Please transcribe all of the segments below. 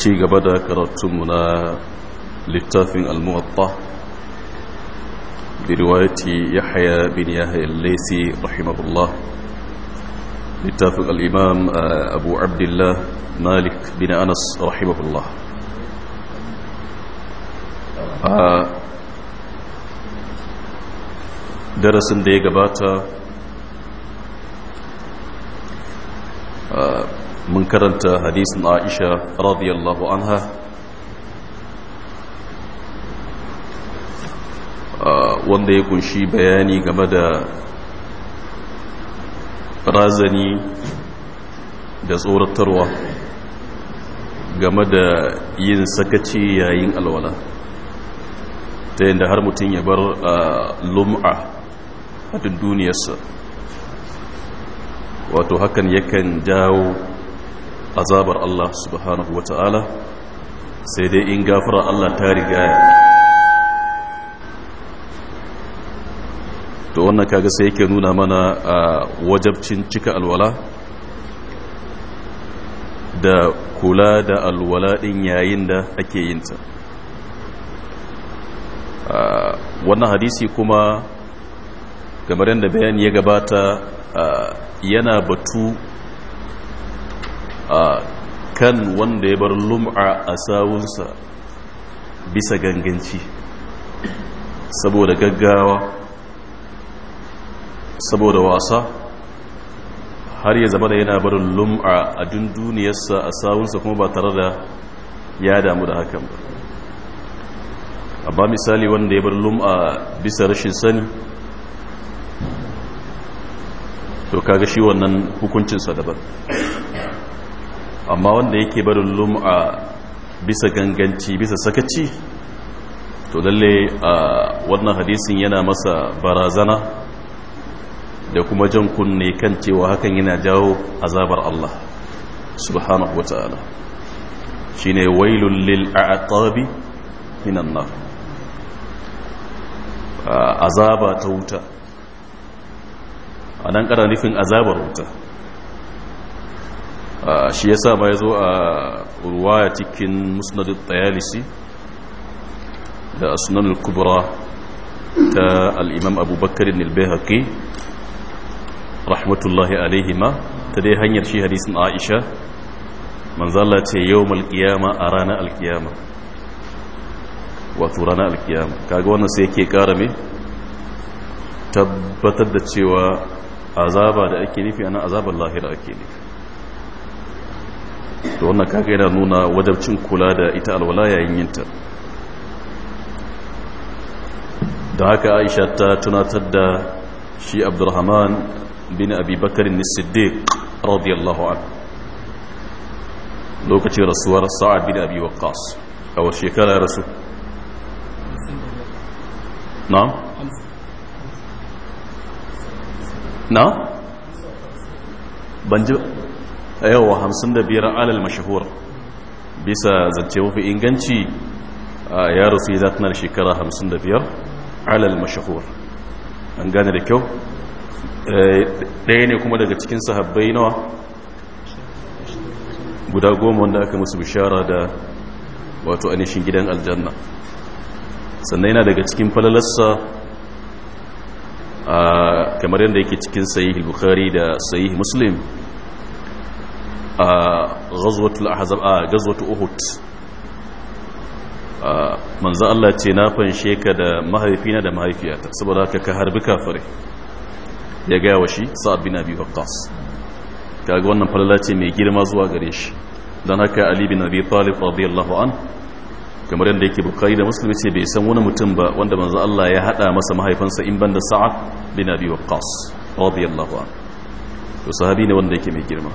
ci gaba da karatunmu na littafin al-muwatta riwayati yahya bin yahya al-laysi rahimahullah littafin al-imam abu abdullah malik bin anas rahimahullah a darasin da ya gabata mun karanta hadisin aisha radiyallahu anha ah, wanda ya kunshi bayani game da razani da tsoratarwa game da yin sakaci yayin alwala ta yadda har mutum ya bar ah, lum'a a duniyarsa wato hakan yakan jawo azabar Allah subhanahu wa ta'ala sai dai in gafara Allah ta rigaya to wannan kaga sai yake nuna mana a wajabcin cika alwala da kula da alwala din yayin da ake yinta wannan hadisi kuma kamar yadda bayani ya gabata yana batu a kan wanda ya bar lum'a a sawunsa bisa ganganci saboda gaggawa saboda wasa har ya zama da yana barin lum'a a dunduniyarsa a sawunsa kuma ba tare da ya damu da hakan ba amma misali wanda ya bar lum'a bisa rashin sani to kaga shi wannan hukuncinsa daban amma wanda yake barin lum'a bisa ganganci bisa sakaci to lalle wannan hadisin yana masa barazana da kuma jan kunne kan cewa hakan yana jawo azabar Allah subhanahu wata'ala shine wailul lil a'qabi minan nar azaba ta wuta anan kana nufin azabar wuta shi yasa ma yazo a ruwaya cikin musnad at-tayalisi da asnan al-kubra ta al-imam abubakar al-bayhaqi rahmatullahi alaihima ta dai hanyar shi hadisin aisha manzo Allah ce yawmal qiyama a ranar al-qiyama wato ranar al-qiyama kaga wannan sai yake kara me tabbatar da cewa azaba da ake nufi ana azabar lahira ake nufi da wannan kaga yana nuna wadabcin kula da ita alwala yayin yinta da haka aisha ta tunatar da shi abdurrahman bin abubakar siddiq radiyallahu an lokacin rasuwar sa'ad bin abi waqqas a wasu shekara rasu na? na? ban ji a yau hamsin da biyar alal mashahur bisa zance mafi inganci ya rasu ya zatanar shekara hamsin da biyar alal mashahur an gane da kyau eh, ɗaya ne kuma daga cikin sahabbai nawa guda goma wanda aka musu bishara da wato anishin gidan aljanna sannan yana daga cikin falalarsa kamar yadda yake cikin sahih bukhari da sahih muslim a ghazwatul ahzab a gazwatu uhud manzo Allah ce na fanshe ka da mahaifina da mahaifiyata saboda haka ka harbi kafire ya ga wa shi sa'ad bin abi waqqas kaga wannan falala ce mai girma zuwa gare shi dan haka ali bin abi talib radiyallahu an kamar yadda yake bukari da muslim ce bai san wani mutum ba wanda manzo Allah ya hada masa mahaifinsa in banda sa'ad bin abi waqqas radiyallahu an to sahabi ne wanda yake mai girma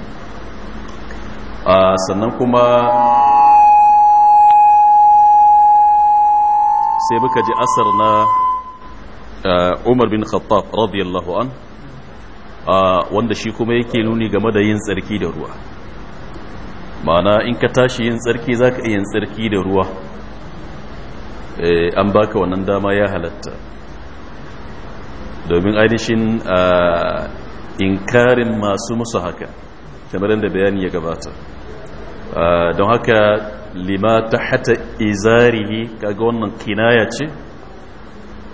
sannan kuma sai muka ji asar na eh, umar bin khattab radiyallahu an wanda shi kuma yake nuni game da yin tsarki da ruwa mana in ka tashi yin tsarki za ka yin tsarki da ruwa eh, an baka wannan dama ya halatta domin ainihin eh, inkarin masu musu haka kamar da bayani ya gabata Eh, don haka lima hata izarihi kaga wannan kinaya ce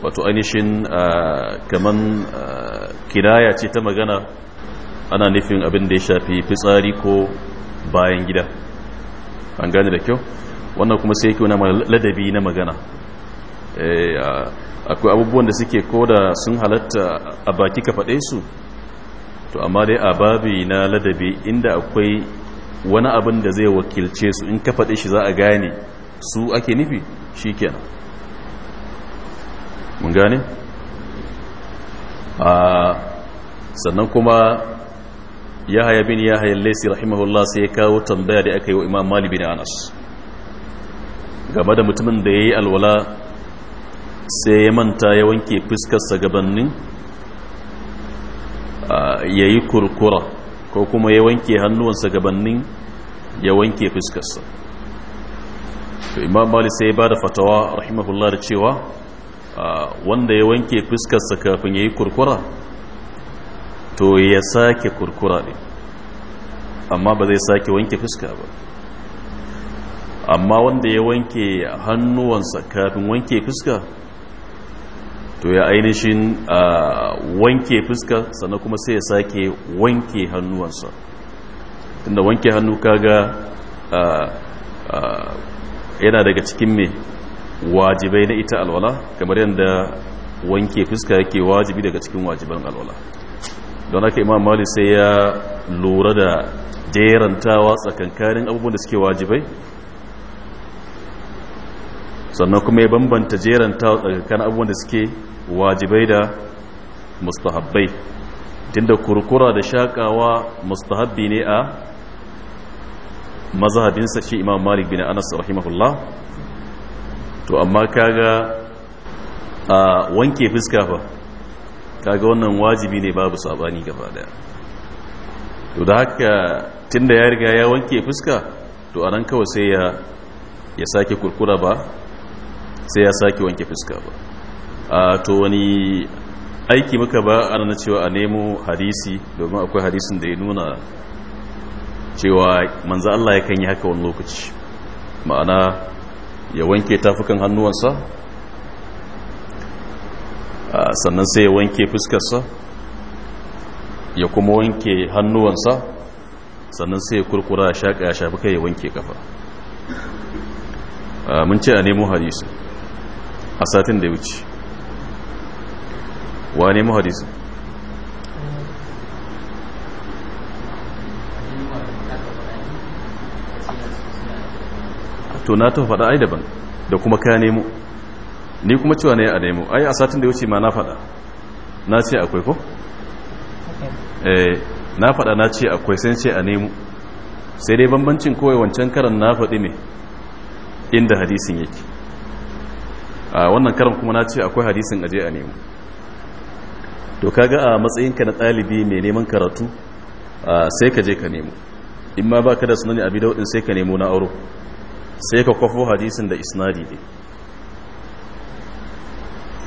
wato ainihin eh, kaman eh, kinaya ce ta magana ana nufin abin da ya shafi fitsari ko bayan gida an gane da kyau wannan kuma sai yake wani ladabi na magana akwai abubuwan da suke ko da sun halatta a baki ka faɗe su to amma dai a babi na ladabi inda akwai wani abin da zai wakilce su in ka faɗe shi za a gane su ake nufi shi kenan mun gane? sannan kuma ya haya bin ya haya laisi rahimahullah sai ya kawo tambaya da aka yi wa imam mali anas game da mutumin da ya yi alwala sai ya manta ya wanke fuskarsa gabanin ya yi kurkura ko kuma ya wanke hannuwansa gabanin ya wanke fuskarsa to imam malik sai ya bada fatawa rahimahullah da cewa wanda ya wanke fuskarsa kafin ya yi kurkura to ya sake kurkura ne amma ba zai sake wanke fuska ba amma wanda ya wanke hannuwansa kafin wanke fuska to ya ainihin wanke fuska sannan kuma sai ya sake wanke hannuwansa tunda wanke hannu kaga yana daga cikin mai wajibai na ita alwala kamar yadda wanke fuska yake wajibi daga cikin wajiban alwala don haka imam mali sai ya lura da jerantawa tsakankanin abubuwan da suke wajibai sannan kuma ya bambanta jeranta tsakanin abubuwan da suke wajibai da mustahabbai tunda kurkura da shakawa mustahabbi ne a mazhabinsa shi imam malik bin anas rahimahullah to amma kaga a wanke fuska fa kaga wannan wajibi ne babu sabani gaba daya to da haka tunda ya riga ya wanke fuska to anan kawai sai ya ya sake kurkura ba sai ya sake wanke fuska ba a to wani aiki muka ba ana cewa a nemo hadisi domin akwai hadisin da ya nuna cewa manzo Allah ya kan yi haka wani lokaci ma'ana ya wanke tafukan hannuwansa sannan sai ya wanke fuskarsa ya kuma wanke hannuwansa sannan sai ya kurkura ya shaƙa ya shafi kai ya wanke kafa mun ce a nemo hadisi a satin da ya wuce wane mu to na ta faɗa ai daban da kuma ka nemo ni kuma cewa ne a nemo ai a satin da ya wuce ma na faɗa na ce akwai ko? eh na faɗa na ce akwai sai ce a nemo sai dai bambancin kawai wancan karan na faɗi ne inda hadisin yake wannan karan kuma na ce akwai hadisin aje a nemo to kaga a matsayinka na ɗalibi mai neman karatu sai ka je ka nemo in ma baka da sunani abi daudin sai ka nemo na auro sai ka kwafo hadisin da isnadi ne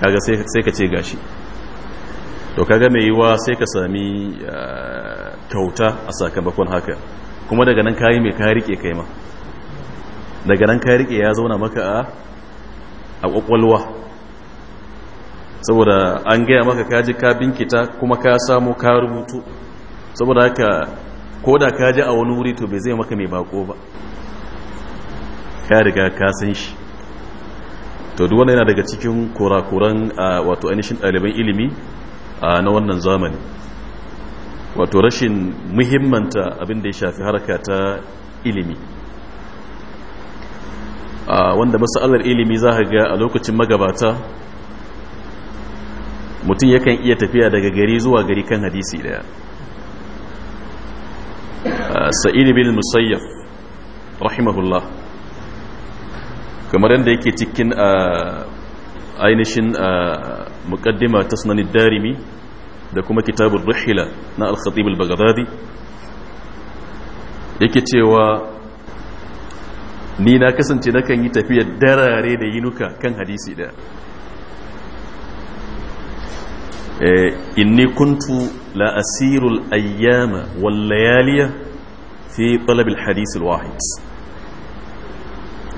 kaga sai ka ce gashi to kaga mai yiwa sai ka sami kyauta a sakamakon haka kuma daga nan kayi mai ka rike kai ma daga nan ka rike ya zauna maka a a kwakwalwa saboda an gaya maka kaji ka binkita kuma ka samu ka rubutu saboda haka ko da ka ji a wani wuri to bai zai maka mai bako ba ka riga ka san shi to duk wannan yana daga cikin kurakuran wato ainihin ɗaliban ilimi na wannan zamani wato rashin muhimmanta abin da ya shafi harka ta ilimi wanda masalar ilimi za ka ga a lokacin magabata mutum yakan iya tafiya daga gari zuwa gari kan hadisi daya sa'id bin musayyaf rahimahullah kamar yadda yake cikin a ainihin muqaddima ta sunanin darimi da kuma kitabun rihila na al-khatib al yake cewa ni na kasance nakan yi tafiya darare da yinuka kan hadisi ɗaya eh, inni kuntu la asirul ayyama wal layaliya fi talabil hadisul al wahid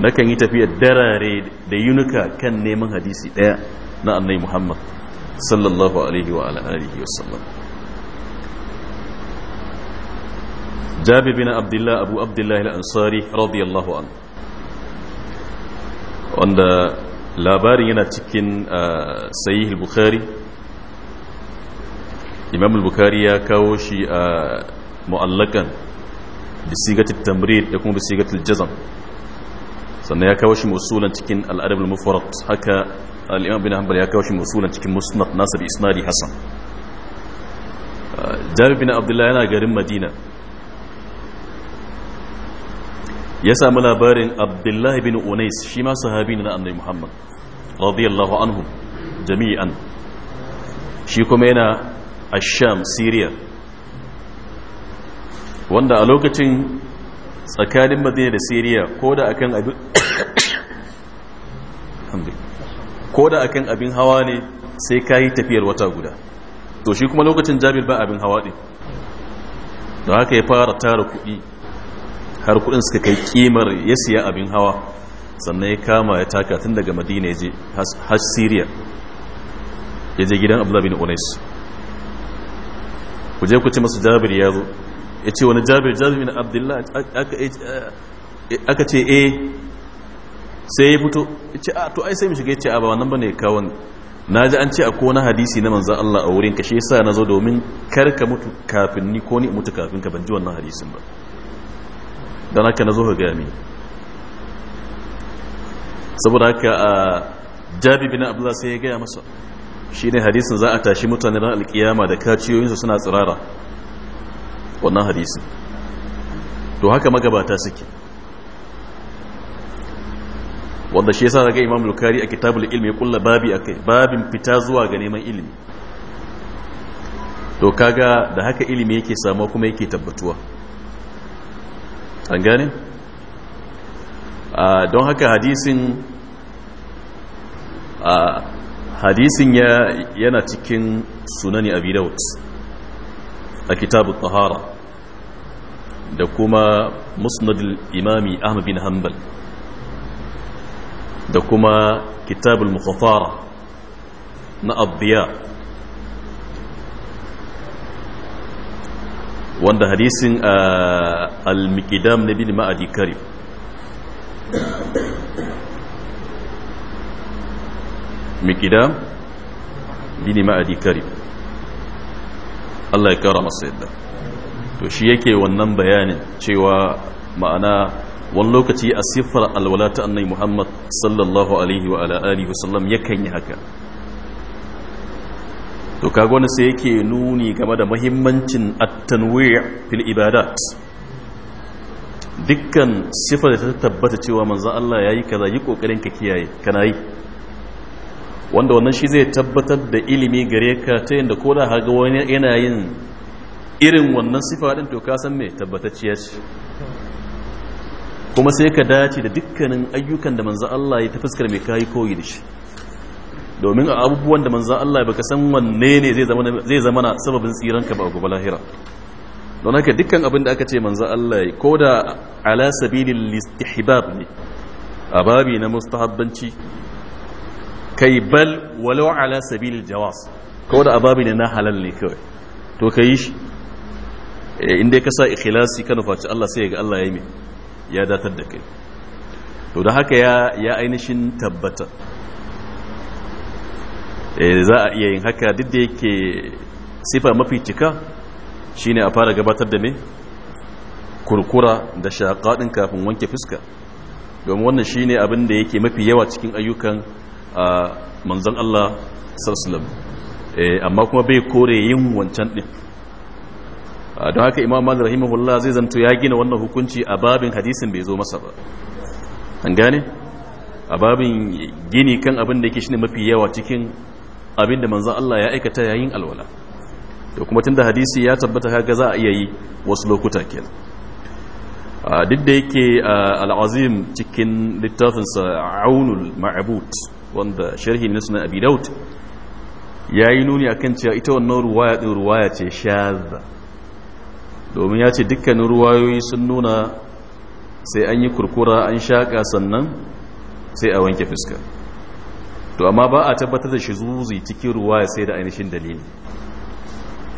nakan yi tafiya darare da yunuka kan neman hadisi daya na annai muhammad sallallahu alaihi wa alihi wa sallam jabir bin abdullah abu abdullah al-ansari radiyallahu anhu wanda labarin yana cikin ah, sayi bukhari imam bukhari ya kawo shi a ah, mu'allakan da sigatul tamrid da kuma sigatul jazam sannan ya kawo shi musulan cikin al'adab al-mufarad haka al-imam bin hanbal ya kawo shi musulan cikin musnad nasir isnadi hasan ah, jabir bin abdullah yana garin madina ya samu labarin abdullahi bin unais shi ma sahabi na annai muhammad radiyallahu anhu jami'an shi kuma yana asham syria wanda a lokacin tsakanin madina da syria ko da akan abin hawa ne sai ka yi tafiyar wata guda to shi kuma lokacin jabir ba abin hawa ne. da haka ya fara tara kuɗi har kudin suka kai kimar ya siya abin hawa sannan ya kama ya taka tun daga madina ya je hajj syria ya je gidan abdullahi bin unais ku je ku ci masu jabir ya zo ya ce wani jabir jabir bin abdullah eh. aka ce a eh. sai ya fito ya ce a ah, to ai sai mu shiga ya ce a ah, ba wannan ba ne kawon na ji an ce a kona hadisi na manzan Allah a wurin ka shi yasa na zo domin kar ka mutu kafin ni ko ni mutu kafin ka ban ji wannan hadisin ba don haka na zo ka gami saboda haka a jabi bin abdullah sai ya gaya masa shi ne hadisin za a tashi mutane ran alkiyama da kaciyoyinsu suna tsirara wannan hadisin to haka magabata suke wanda shi ya sa daga imam Lukari a kitabul ilmi ya kulla babi kai, babin fita zuwa ga neman ilimi to kaga da haka ilimi yake samuwa kuma yake tabbatuwa an gane ah, don haka hadisin ah, hadisin yana cikin sunani abi daud a kitabu tahara da kuma musnadul imami ahmad bin hanbal da kuma kitabul mukhatara na abdiya wanda hadisin uh, al mikidam na bin ma'adi karim miqdam bin ma'adi karim Allah ya kara masa yadda to shi yake wannan bayanin cewa ma'ana wani lokaci a siffar alwala ta annai muhammad sallallahu alaihi wa ala alihi wasallam yakan yi haka to kaga wani sai yake nuni game da mahimmancin at-tanwi' fil ibadat dukkan sifar da ta tabbata cewa manzo Allah yayi kaza yi kokarin ka kiyaye kana yi wanda wannan shi zai tabbatar da ilimi gare ka ta yadda ko da haga wani yana yin irin wannan sifa din to ka san me tabbatacciya ce kuma sai ka dace da dukkanin ayyukan da manzo Allah ya ta fuskar mai kai koyi da shi domin a abubuwan da manzan Allah baka san wanne ne zai zama na sababin tsiranka ba gobe lahira don haka dukkan abin da aka ce manzan Allah ko da ala sabilin listihbab ne a babi na mustahabbanci kai bal walau ala sabilin jawas ko da a babi ne na halal ne kawai to ka yi shi eh, inda ka sa ikhilasi ka nufaci Allah sai ga Allah ya yi ya datar da kai to da haka ya ainihin tabbata Eh, za a iya yin haka duk da yake sifa mafi cika shine a fara gabatar da me kurkura da shaƙaɗin kafin wanke fuska domin wannan shine abin da yake mafi yawa cikin ayyukan manzon Allah sarsulam eh, amma kuma bai kore yin wancan ɗin don haka imam malik rahimahullah zai zanto ya gina wannan hukunci a babin hadisin bai zo masa ba an gane a babin gini kan abin da yake shine mafi yawa cikin abinda manzan Allah ya aikata yayin alwala da kuma tunda hadisi ya tabbata haka za a iya yi wasu lokuta ke. duk da yake al'azim cikin littafinsa aunul ma'abut wanda sharhi ne sunan abi daud ya yi nuni a kan cewa ita wannan ruwaya ɗin ruwaya ce shaza domin ya ce dukkanin ruwayoyi sun nuna sai an yi kurkura an shaƙa sannan sai a wanke fuska to amma ba a tabbatar da shi zuzi cikin ruwa ya sai da ainihin dalili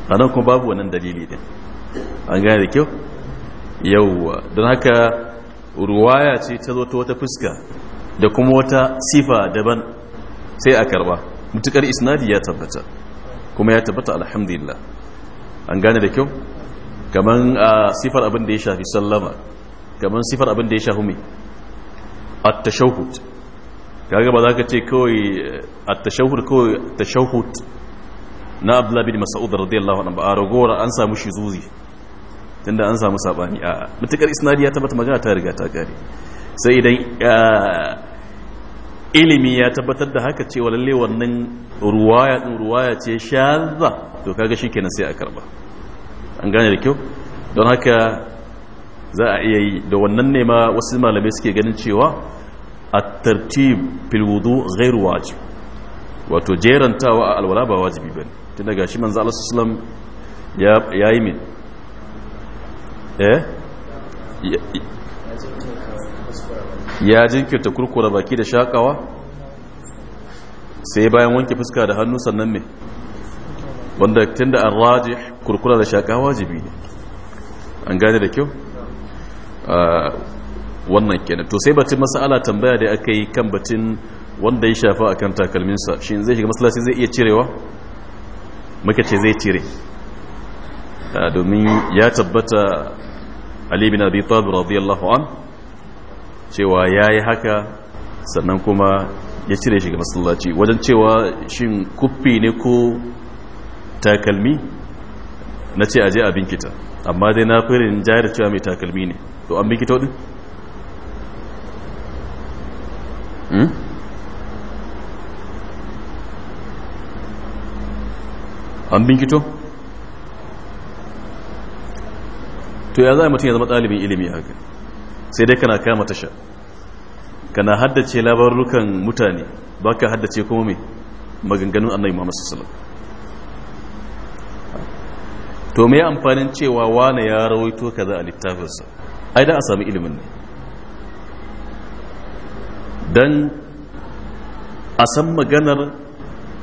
a nan kuma babu wannan dalili din an gane da kyau yauwa don haka ruwaya ce ta zo ta wata fuska da kuma wata sifa daban sai a karba mutukar isnadi ya tabbata kuma ya tabbata alhamdulillah an gane da kyau Kamar a sifar abin da ya shafi sallama kamar sifar abin da ya shafi mai at-tashahhud kaga ba za ka ce kawai eh, a tashahud kawai tashahud na abdullahi bin mas'ud radiyallahu anhu ba a ragowar an samu shi zuzi tunda an samu sabani a mutakar isnadi ya tabbata magana ta riga ta kare sai idan eh, ilimi ya tabbatar da haka cewa lalle wannan ruwaya din ruwaya ce shaza to kaga shikenan sai a karba an gane da kyau don haka za a iya yi da wannan ne ma wasu malamai suke ganin cewa at-tartib fil wudu ghairu wato jerantawa a alwala ba wajibi bane tun daga shi manzo Allah sallallahu alaihi ya yi min ya jinkirta kurkura baki da sai bayan wanke fuska da hannu sannan me wanda tun da an raji kurkura da shaƙa wajibi ne an gane da kyau wannan kenan to sai batun mas'ala tambaya da aka yi kan batun wanda ya shafa akan takalminsa shi zai shiga masallaci zai iya cirewa muka ce zai cire ah, domin ya tabbata ali bin abi talib radiyallahu an cewa ya yi haka sannan kuma ya cire shiga masallaci wajen cewa shin kuffi ne ko takalmi na ce aje a binkita amma dai na firin jayar cewa mai takalmi ne to an kita wadin Hmm? an binkito to ya za mutum ya zama ɗalibin ilimi haka sai dai kana kama tasha kana haddace labarukan mutane ba ka haddace kuma mai maganganun annabi mamasa salam to mai amfanin cewa wane ya rawaito kaza a littafinsa ai da a sami ilimin ne Dan a san maganar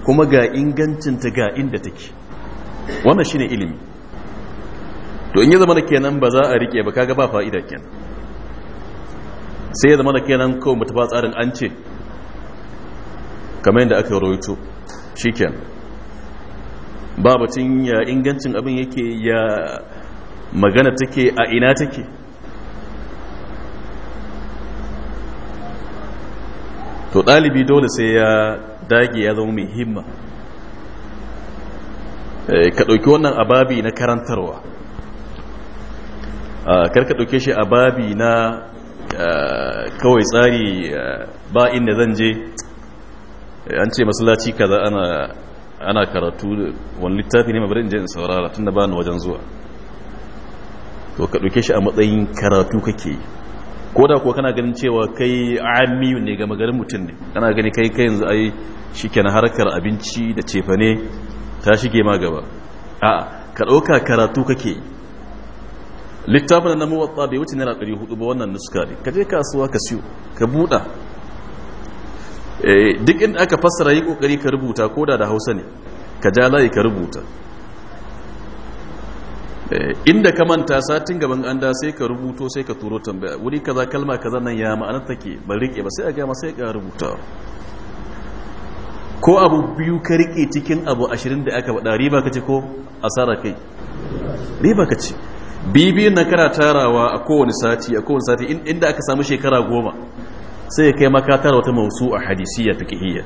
kuma ga ingancinta ga inda take wannan shine ilimi to in yi zama da kenan ba za a rike ba kaga ba fa'ida kenan sai ya zama da kenan kawai mutu ba tsarin an ce kamar yadda aka rawaito shi ba batun ya ingancin abin yake ya magana take a ina take to ɗalibi dole sai ya dage ya zama mai himma eh, ka ɗauki wannan ababi na karantarwa ah, kar ka ɗauke shi ababi na ah, kawai tsari ah, ba inda zan je eh, an ce masallaci kaza ana ana karatu wani littafi ne ma bari in je in saurara tun da ba ni wajen zuwa to ka ɗauke shi a matsayin karatu kake yi ko da kuwa kana ganin cewa kai amiyu ne ga magarin mutum ne kana gani kai kai yanzu ai na harkar abinci da cefane ta shige ma gaba a'a ka ɗauka karatu kake littafin na mawatsa bai wuce naira 400 ba wannan nuska ne ka je kasuwa ka siyo ka buɗa eh, duk inda aka fassara yi ƙoƙari ka rubuta ko da da hausa ne ka ja layi ka rubuta Eh, inda ka manta satin gaban an da sai ka rubuto sai ka turo tambaya wuri kaza kalma kaza nan ya ma'anar take ba rike ba sai a gama sai ka rubuta ko abu biyu ka rike cikin abu ashirin da aka faɗa riba ka ce ko asara kai riba ka ce bibiyun na kana tarawa a kowane sati a kowane sati inda aka samu shekara goma sai ya kai makatar wata mausu a hadisiyya fiqhiyya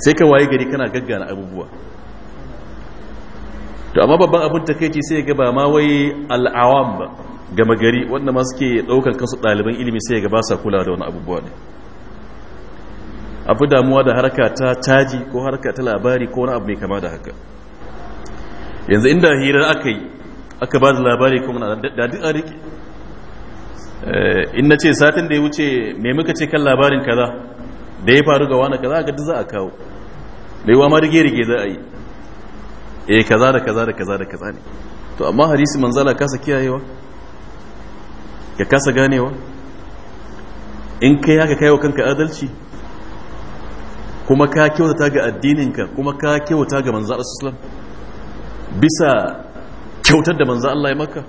sai ka waye gari kana gaggana abubuwa to amma babban abin takaici sai ga ba ma wai al'awam ba gama gari wanda ma suke daukar kansu ɗaliban ilimi sai ga ba sa kula da wani abubuwa ne abu damuwa da harka ta caji ko harka ta labari ko wani abu mai kama da haka yanzu inda hirar aka yi aka ba da labari kuma na da duk a rike eh, in na ce satin da ya wuce mai muka ce kan labarin kaza da ya faru ga wani kaza ga duk za a kawo da yawa ma rige-rige za a yi eh kaza da kaza da kaza da kaza ne to amma hadisi manzala kasa kiyayewa ya kasa ganewa in kai haka kai wa kanka adalci kuma ka kyautata ga addininka kuma ka kyauta ga manzo Allah bisa kyautar da manzo Allah ya maka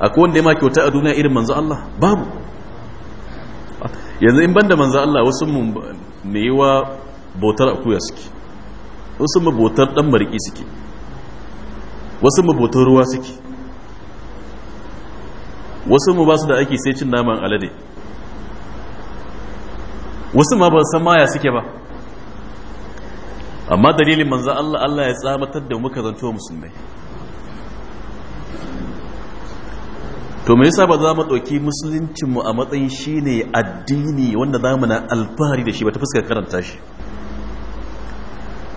akwai wanda ya ma kyauta a duniya irin manzo Allah babu yanzu in banda manzo Allah wasu mun ne yiwa botar akuya suke wasu mu botar dan mariki suke wasu mabutun ruwa suke wasu mu ba su da aiki sai cin naman alade wasu ma ba san maya suke ba amma dalilin manzo Allah Allah ya tsamatar da muka zanto musulmai to me yasa ba za mu ɗauki musuluncinmu mu a matsayin shine addini wanda za mu na alfahari da shi ba ta fuskar karanta shi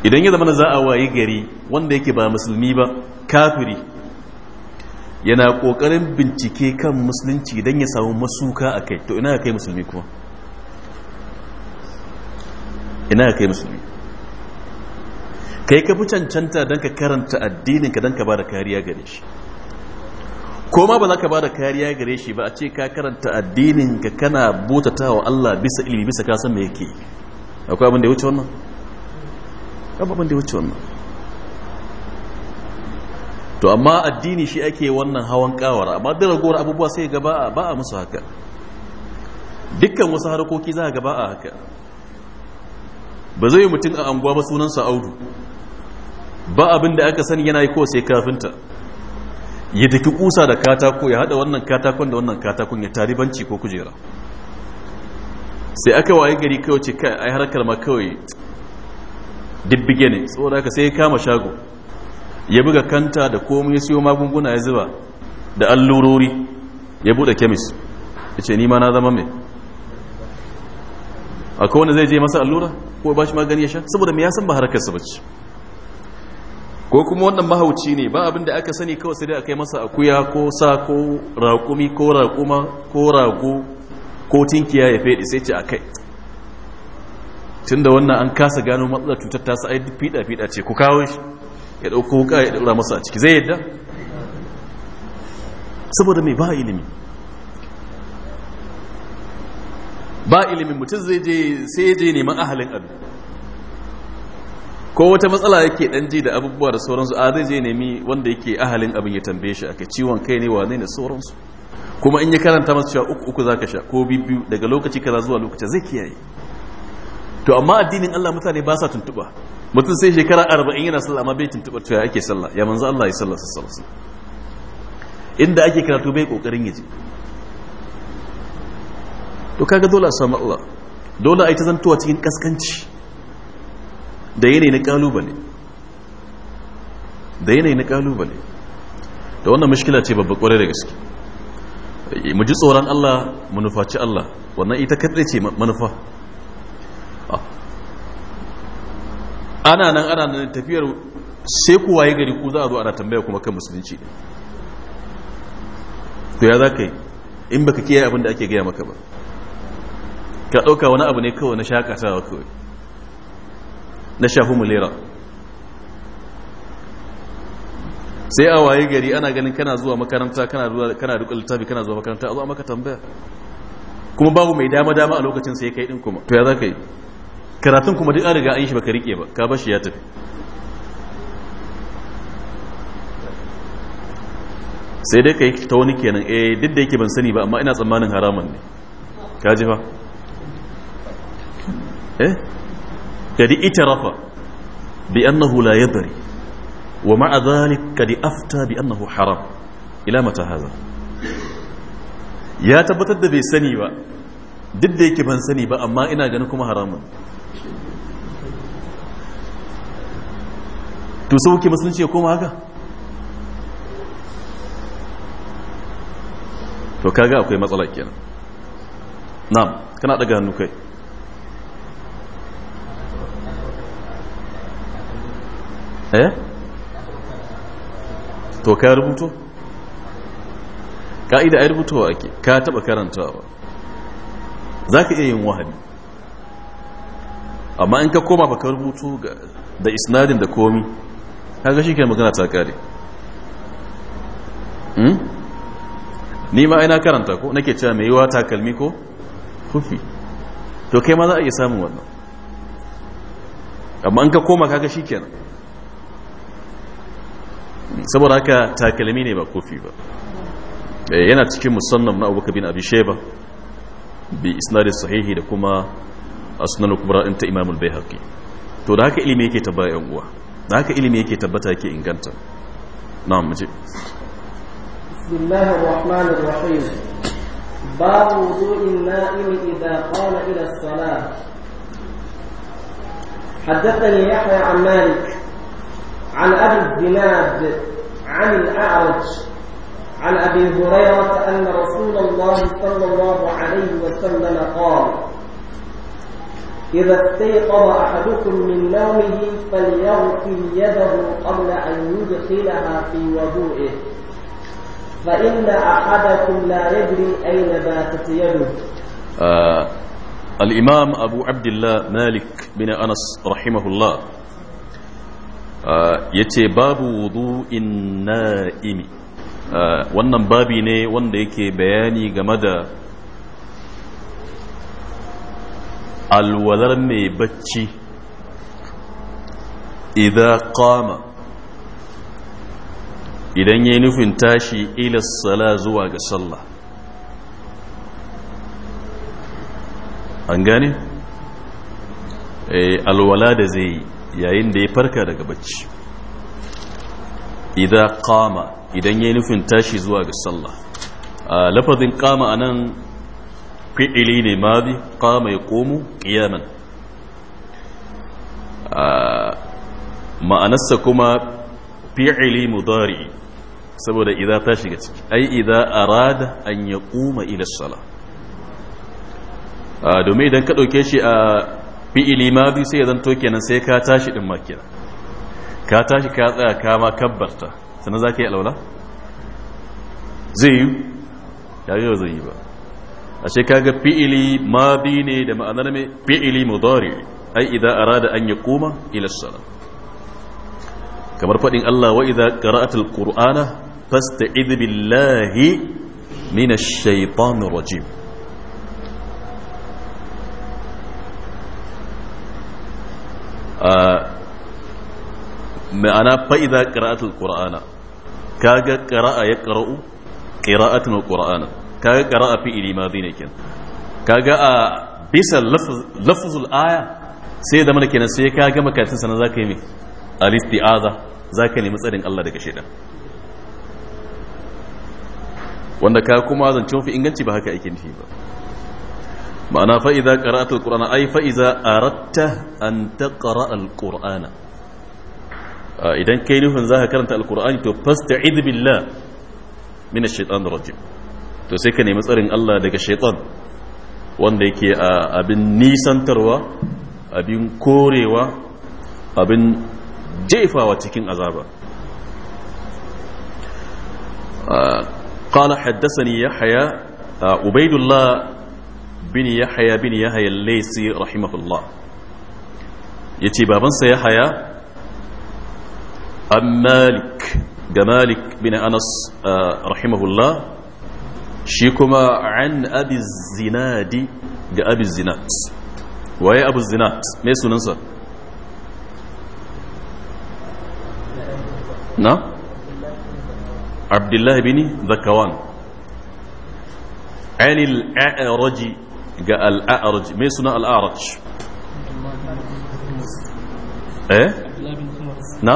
idan ya zama na za a wayi gari wanda yake ba musulmi ba kafiri yana kokarin bincike kan musulunci idan ya samu masuka a kai to ina ka kai musulmi kuma ina ka kai musulmi kai ka fi cancanta don ka karanta addininka don ka ba da kariya gare shi ko ma ba za ka ba da kariya gare shi ba a ce ka karanta addininka kana botata wa Allah bisa ilimi bisa kasan me yake akwai abin da ya wuce wannan ababen da wuce wannan to amma addini shi ake wannan hawan kawara amma da ragowar abubuwa sai ga ba a musu haka dukkan wasu harkoki za ga ba a haka ba zai mutum a anguwa ba sunansa audu ba abin da aka sani yana yi ko sai kafinta ya daki kusa da katako ya hada wannan katakon da wannan katakon ya taribanci ko kujera sai aka waye gari kawai ce kai ai harkar ma kawai dibbige ne saboda haka sai ya kama shago ya buga kanta da komai siyo magunguna ya zuba da allurori ya bude kemis ya ce nima na zama mai akwai wanda zai je masa allura ko ba shi magani ya sha saboda mai ya san ba su bace ko kuma wannan mahauci ne ba abin da aka sani kawai sai dai aka yi masa akuya ko sa ko raƙumi ko raƙuma ko rago ko tinkiya ya fedi sai ce a kai tunda wannan an kasa gano matsalar cutar ta sa'ai fiɗa fiɗa ce ku kawo shi ya ɗauko wuka ya ɗaura masa a ciki zai yadda saboda mai ba ilimi ba ilimin mutum zai je sai ya je neman ahalin abu ko wata matsala yake dan ji da abubuwa da sauransu a zai je nemi wanda yake ahalin abin ya tambaye shi aka ciwon kai ne wa ne sauransu kuma in ya karanta masu cewa uku uku zaka sha ko biyu daga lokaci kaza zuwa lokaci zai kiyaye to amma addinin Allah mutane ba sa tuntuba mutum sai shekara arba'in yana sallah amma bai tuntuba to ya ake sallah ya manzo Allah ya sallah sallah inda ake karatu bai kokarin yaji to kaga dole a samu Allah dole a yi ta zantowa cikin kaskanci da yanayi na kalubale da yanayi na kalubale da wannan mushkila ce babba kwarai da gaske mu ji tsoron Allah mu nufaci Allah wannan ita kadai ce manufa ana nan ana nan tafiyar sai ku waye gari ku za a zo ana tambaya kuma kan musulunci to ya za ka yi in baka kiyaye abin da ake gaya maka ba ka ɗauka wani abu ne kawai na wa kawai na mu lera sai a waye gari ana ganin kana zuwa makaranta kana zuwa duk littafi kana zuwa makaranta a zuwa maka tambaya kuma babu mai dama dama a lokacin sai kai din kuma to ya za ka yi karatun kuma duk an riga an yi shi baka rike ba ka bashi ya tafi sai dai ka yi ta wani kenan eh duk da yake ban sani ba amma ina tsammanin haramun ne ka ji fa eh kadi itarafa bi annahu la yadri wa ma'a dhalik kadi afta bi annahu haram ila mata haza ya tabbatar da bai sani ba duk da yake ban sani ba amma ina ganin kuma haramun to sau ke musulunci ya koma haka to kaga akwai matsala kenan na kana daga hannu kai eh to ka rubuto ka'ida ai rubutowa ake ka taba karantawa za ka iya yin wahani amma in ka koma ba ka rubuto da isnadin da komi kaga shi ke magana ta kare hmm? ni ma ina karanta ko nake cewa mai yiwa takalmi ko kufi to kai ma za a iya samun wannan amma an ka koma kaga shi kenan saboda haka takalmi ne ba kufi ba eh, yana cikin musamman na abubakar bin abi sheba bi isnadin sahihi da kuma a sunan kubra imamul bai to da haka ilimi yake ta bayan uwa da haka ilimi yake tabbata yake inganta na'am muje bismillahir rahmanir rahim babu wudu'in na'im idza qama ila as-salah حدثني يحيى عن مالك عن أبي الزناد عن الأعرج عن أبي هريرة أن رسول الله صلى الله عليه وسلم قال إذا استيقظ أحدكم من نومه فليغسل يده قبل أن يدخلها في وضوئه فإن أحدكم لا يدري أين باتت يده آه الإمام أبو عبد الله مالك بن أنس رحمه الله آه yace babu wudu'in na'imi wannan babi ne wanda yake bayani game da alwalar mai bacci idan kama idan ya nufin tashi ilas zuwa ga sallah an gane eh, alwala da zai yi yayin da ya farka daga bacci idan kama idan ya nufin tashi zuwa ga sallah ah, lafazin kama anan fi'ili ne madi qama yaqumu qiyaman ma'anarsa kuma fi'ili mudari saboda idan ta shiga ciki ai idan arada an yaquma ila sala domin idan ka dauke shi a fi'ili madi sai ya zanto kenan sai ka tashi din ma kenan ka tashi ka tsaya ka ma kabbarta sannan zaka yi alwala zai yi ya yi zai yi ba ashe kaga fi'ili madi ne da ma'anar me fi'ili mudari ai idza arada an yaquma ila salat kamar fadin Allah wa idza qara'at qur'ana fasta'id billahi minash shaitanir rajim ma'ana fa idza qara'at qur'ana kaga qara'a yaqra'u qira'atan qur'ana kaga qara'a fi'ili madhi ne kenan kaga a bisa lafzul aya sai da mana kenan sai ka gama karatun sana zaka yi me al-isti'aza zaka nemi tsarin Allah daga shaidan wanda ka kuma zance mafi inganci ba haka yake nufi ba ma'ana fa idza fa'iza ƙara'atul ay fa idza aratta an taqra alqur'ana idan kai nufin zaka karanta alqur'ani to fasta billah min shaitan rajim to sai ka nemi tsarin Allah daga shaitan wanda yake abin nisantarwa abin korewa abin jefawa cikin azaba قال حدثني يحيى عبيد الله بن يحيى بن يحيى الليثي رحمه الله يتي بابنسا يحيى عن مالك جمالك بن أنس رحمه الله shi kuma an abi zinadi ga abi zinat waye abu zinat mai sunansa na? abdullah bin zakawan anil a'araji ga al'a'araji mai suna al'araji eh? na?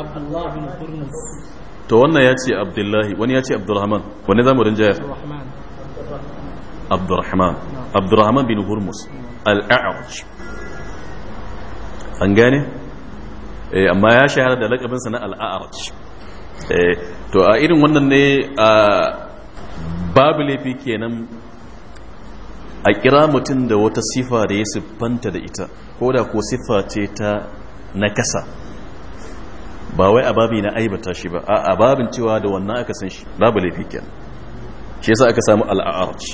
abdullah bin hurmus to wannan ya ce abdullahi wani ya ce abdurrahman wani za mu rinjayar abdurrahman abdurrahman bin hurmus al'a'arj an gane eh, amma ya shahara da lakabinsa na al'a'arj eh, to a irin wannan ne a babu laifi kenan a kira mutum da wata sifa da ya siffanta da ita ko da ko siffa ce ta kasa. ba wai ababi na aibata shi ba a ababin cewa da wannan aka san shi babu laifi kenan shi yasa aka samu al'arj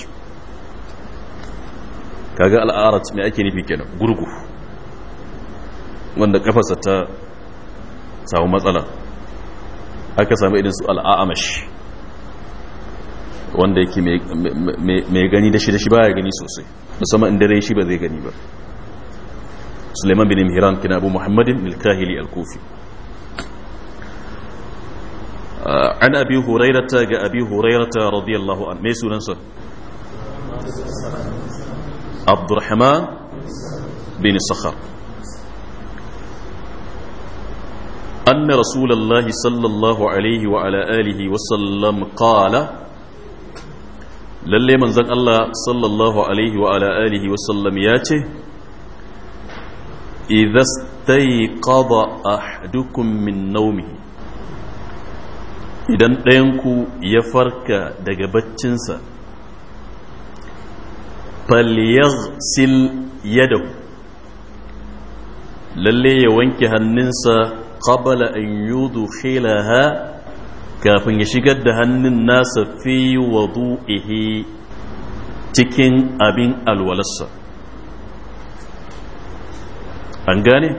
kaga al'arj me ake nufi kenan gurgu wanda kafarsa ta samu matsala aka samu irin su al'amash wanda yake mai gani da shi da shi baya gani sosai musamman inda rai shi ba zai gani ba suleiman bin imhiran kina abu muhammadin milkahili al-kufi an abi hurairata ga abi hurairata radiyallahu an mai sunansa abdurrahman bin sakhar أن رسول الله صلى الله عليه وعلى آله وسلم قال للي من زن الله صلى الله عليه وعلى آله وسلم ياتي إذا استيقظ أحدكم من نومه idan ɗayanku ya farka daga baccinsa sil yadau, lalle ya wanke hannunsa qabla an yudkhilaha kafin ya shigar da hannun nasa fi wudu'ihi cikin abin alwalarsa an gane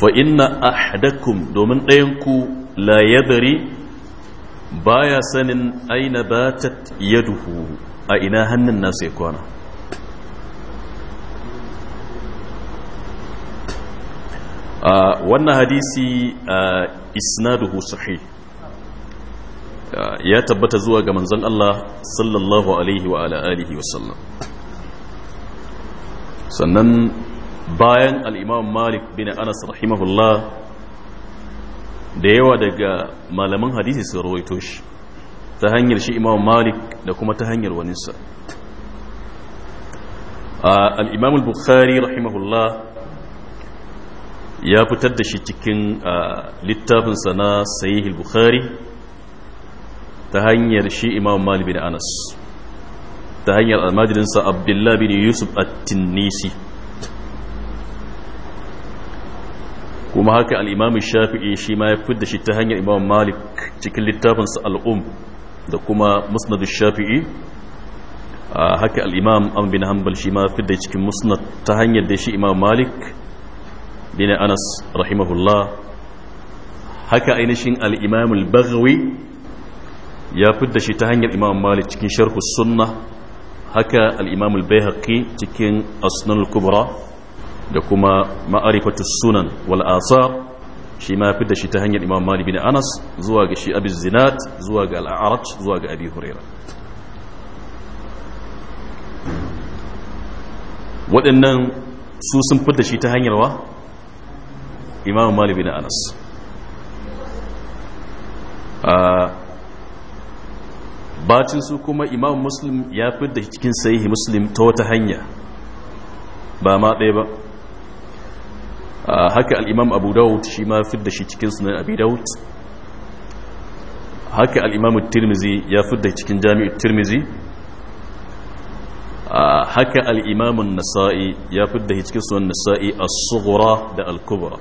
fa inna ahadakum domin ɗayanku la yadari baya sanin aina batat duhu a ina hannun nasa ya kwana wannan hadisi isnaduhu sahih ya tabbata zuwa ga manzon Allah sallallahu alaihi wa ala alihi wa sallam sannan bayan al-imam Malik bin Anas rahimahullah da yawa daga malaman hadisi sun rawaito shi ta hanyar shi imam malik da kuma ta hanyar wani al-imam al-bukhari rahimahullah ya fitar da shi cikin littafinsa na sayihil bukhari ta hanyar shi imam malik bin anas ta hanyar almajirinsa abdullah bin yusuf at-tinnisi kuma haka al'imamin shafi'i shi ma ya fidda shi ta hanyar imam malik cikin littafinsa al'um da kuma musnad shafi'i haka al'imam an bin hanbal shi ma fidda cikin musnad ta hanyar da shi imam malik bin anas rahimahullah haka ainihin al'imam al-baghawi ya fidda shi ta hanyar imam malik cikin sharhu sunna haka al'imam al-bayhaqi cikin asnan al-kubra da kuma ma'arifatu sunan wal asar shi ma da shi ta hanyar imam malik bin anas zuwa ga shi abin zinat zuwa ga al'arat zuwa ga abi huraira waɗannan su sun fi da shi ta hanyar wa imam malik bin anas bacin su kuma imam muslim ya fi da cikin sahihi muslim ta wata hanya ba ma ɗaya ba haka al'imam abu daud shi ma fidda shi cikin sunan abu daud haka al'imamu tirmizi ya fidda cikin jami'ar tirmizi haka al'imamun nasa'i ya fidda shi cikin sunan nasa'i a tsohura da alkubura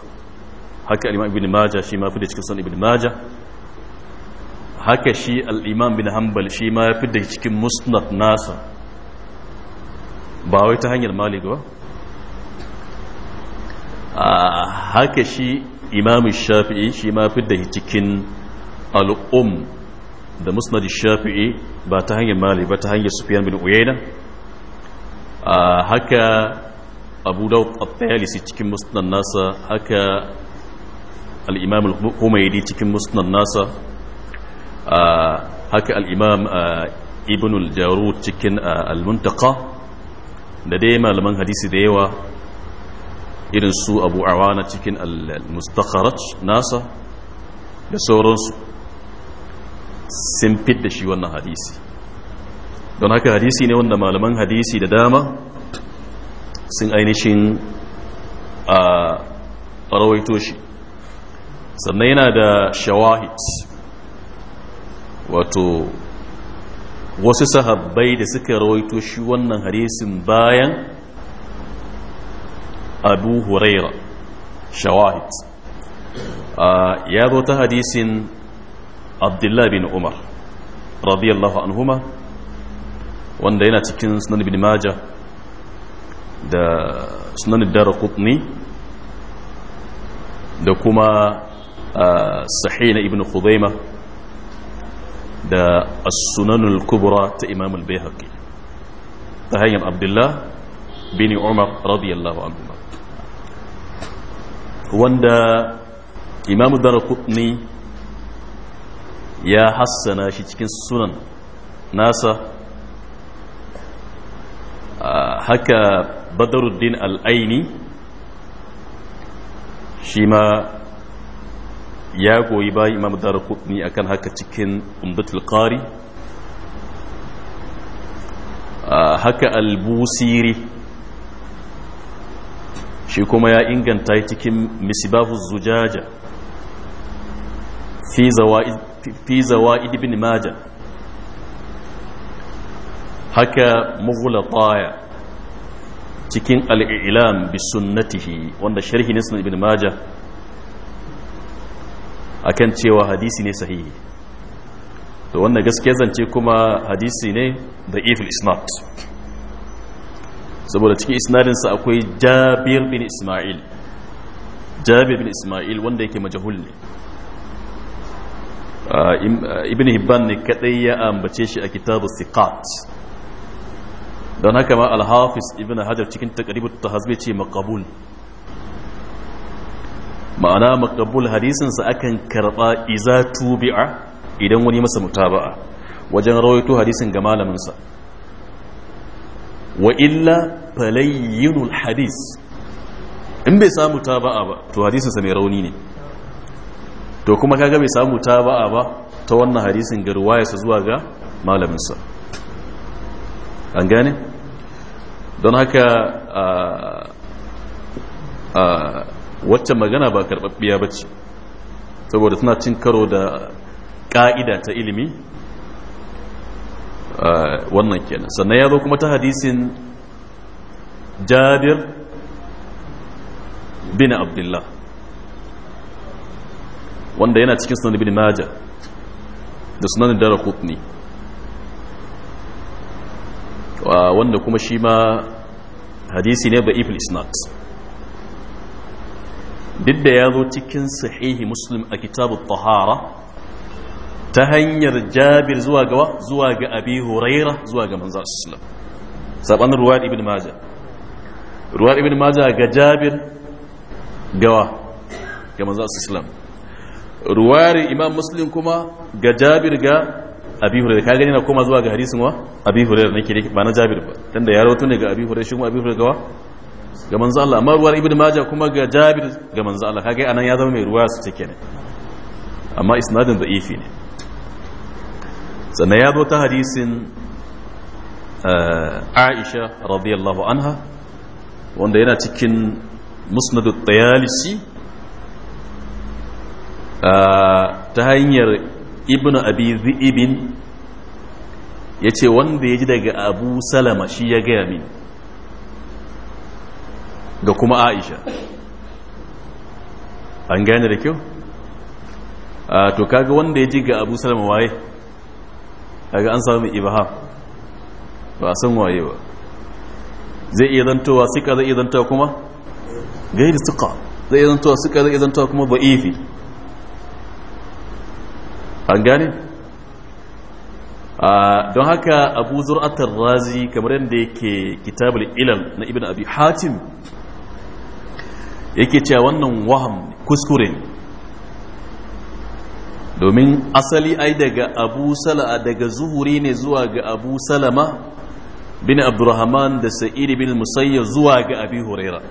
haka al'imam ibn maja shi ma fidda cikin sunan ibn maja haka shi al'imam bin hanbal shi ma ya fidda cikin musnad nasa ba wai ta hanyar malik ba Ah, haka shi imamu shafi'i shi ma fidda cikin al'um da musnadi shafi'i ba ta hanyar mali ba ta hanyar sufiyan bin uyayna ah, haka abu da at cikin musnad nasa haka al'imamu imam cikin musnad nasa haka al'imam ibn al-jarud cikin ah, al muntaka da dai malaman hadisi da yawa irin su abu awana cikin al-mustakharat nasa da sauransu sun fit da shi wannan hadisi don haka hadisi ne wanda malaman hadisi da dama sun ainihin a rawaito shi sannan yana da shawahid wato wasu sahabbai da suka rawaito shi wannan hadisin bayan أبو هريرة شواهد يا ذو حديث عبد الله بن عمر رضي الله عنهما wanda yana cikin sunan ibn maja da sunan dara kutni da kuma sahina ibn khuzaima da as-sunanul kubra ta imam al-bayhaqi ta hanyar abdullah bin umar radiyallahu anhu wanda imamu darakutni ya hassana shi cikin sunan nasa haka badaruddin al'aini shi ma ya goyi ba imamu a akan haka cikin umbatul qari haka albusiri busiri shi kuma ya inganta cikin misibabu zujaja fi zawa idibin maja haka taya cikin al'ilam bi sunnatihi wanda sharhi ne suna ibn maja akan cewa hadisi ne sahihi to wannan gaskiya zance kuma hadisi ne da ifil not. saboda cikin isnadinsa akwai jabir bin ismail jabir bin ismail wanda yake majahul ne ah, ah, ibn hibban ne kadai ya ambace shi a kitabu siqat don haka ma Alhafis ibn hajar cikin ta tahazbi ce maqbul ma'ana makabul hadisin sa akan karba iza tubi'a idan wani masa mutaba'a wajen rawaito hadisin ga malaminsa wa illa falayyinul hadis in bai samu taba'a ba to hadisinsa mai rauni ne to kuma kaga bai samu taba'a ba ta wannan hadisin ga ruwayarsa zuwa ga malaminsa an gane don haka wacce magana ba karɓaɓɓiya ba ce saboda suna cin karo da ƙa'ida ta ilimi wannan kenan sannan ya zo kuma ta hadisin jabir bin abdullah wanda yana cikin sunan bin maja da sunan dara hutni wanda kuma shi ma hadisi ne da ifil isnat duk da ya zo cikin sahihi muslim a kitabu tahara ta hanyar jabir zuwa ga zuwa ga abi huraira zuwa ga manzo wasallam saban ruwayat ibn majah ruwayat ibn majah ga jabir gawa ga manzo sallam ruwayar imam muslim kuma ga jabir ga abi huraira ka gani na koma zuwa ga hadisin wa abi huraira nake da ba na jabir ba tunda ya rawato ne ga abi huraira shi kuma abi huraira gawa ga manzo Allah amma ruwar ibnu majah kuma ga jabir ga manzo Allah kage anan ya zama mai ruwa su take ne amma isnadin da'ifi ne sannan ya zo ta hadisin eh, aisha radiyallahu anha wanda yana cikin musnadu tayalisi eh, ta hanyar ibn abi zi'ibin ya ce wanda ya ji daga abu salama shi ya gaya min ga kuma aisha an gane da kyau eh, to kaga wanda ya ji ga abu salama waye kaga an samu ibham ba a san waye ba zai iya zantowa sika zai iya zantowa kuma gairi suka zai iya zantowa sika zai iya zantowa kuma ba'ifi an gane don haka abu zur'atar razi kamar yadda yake kitabul ilal na ibn abi hatim yake cewa wannan waham kuskure ne domin asali ai daga abu sala'a daga zuhuri ne zuwa ga abu salama bin abdurrahman da sa'id bin musayya zuwa ga abi huraira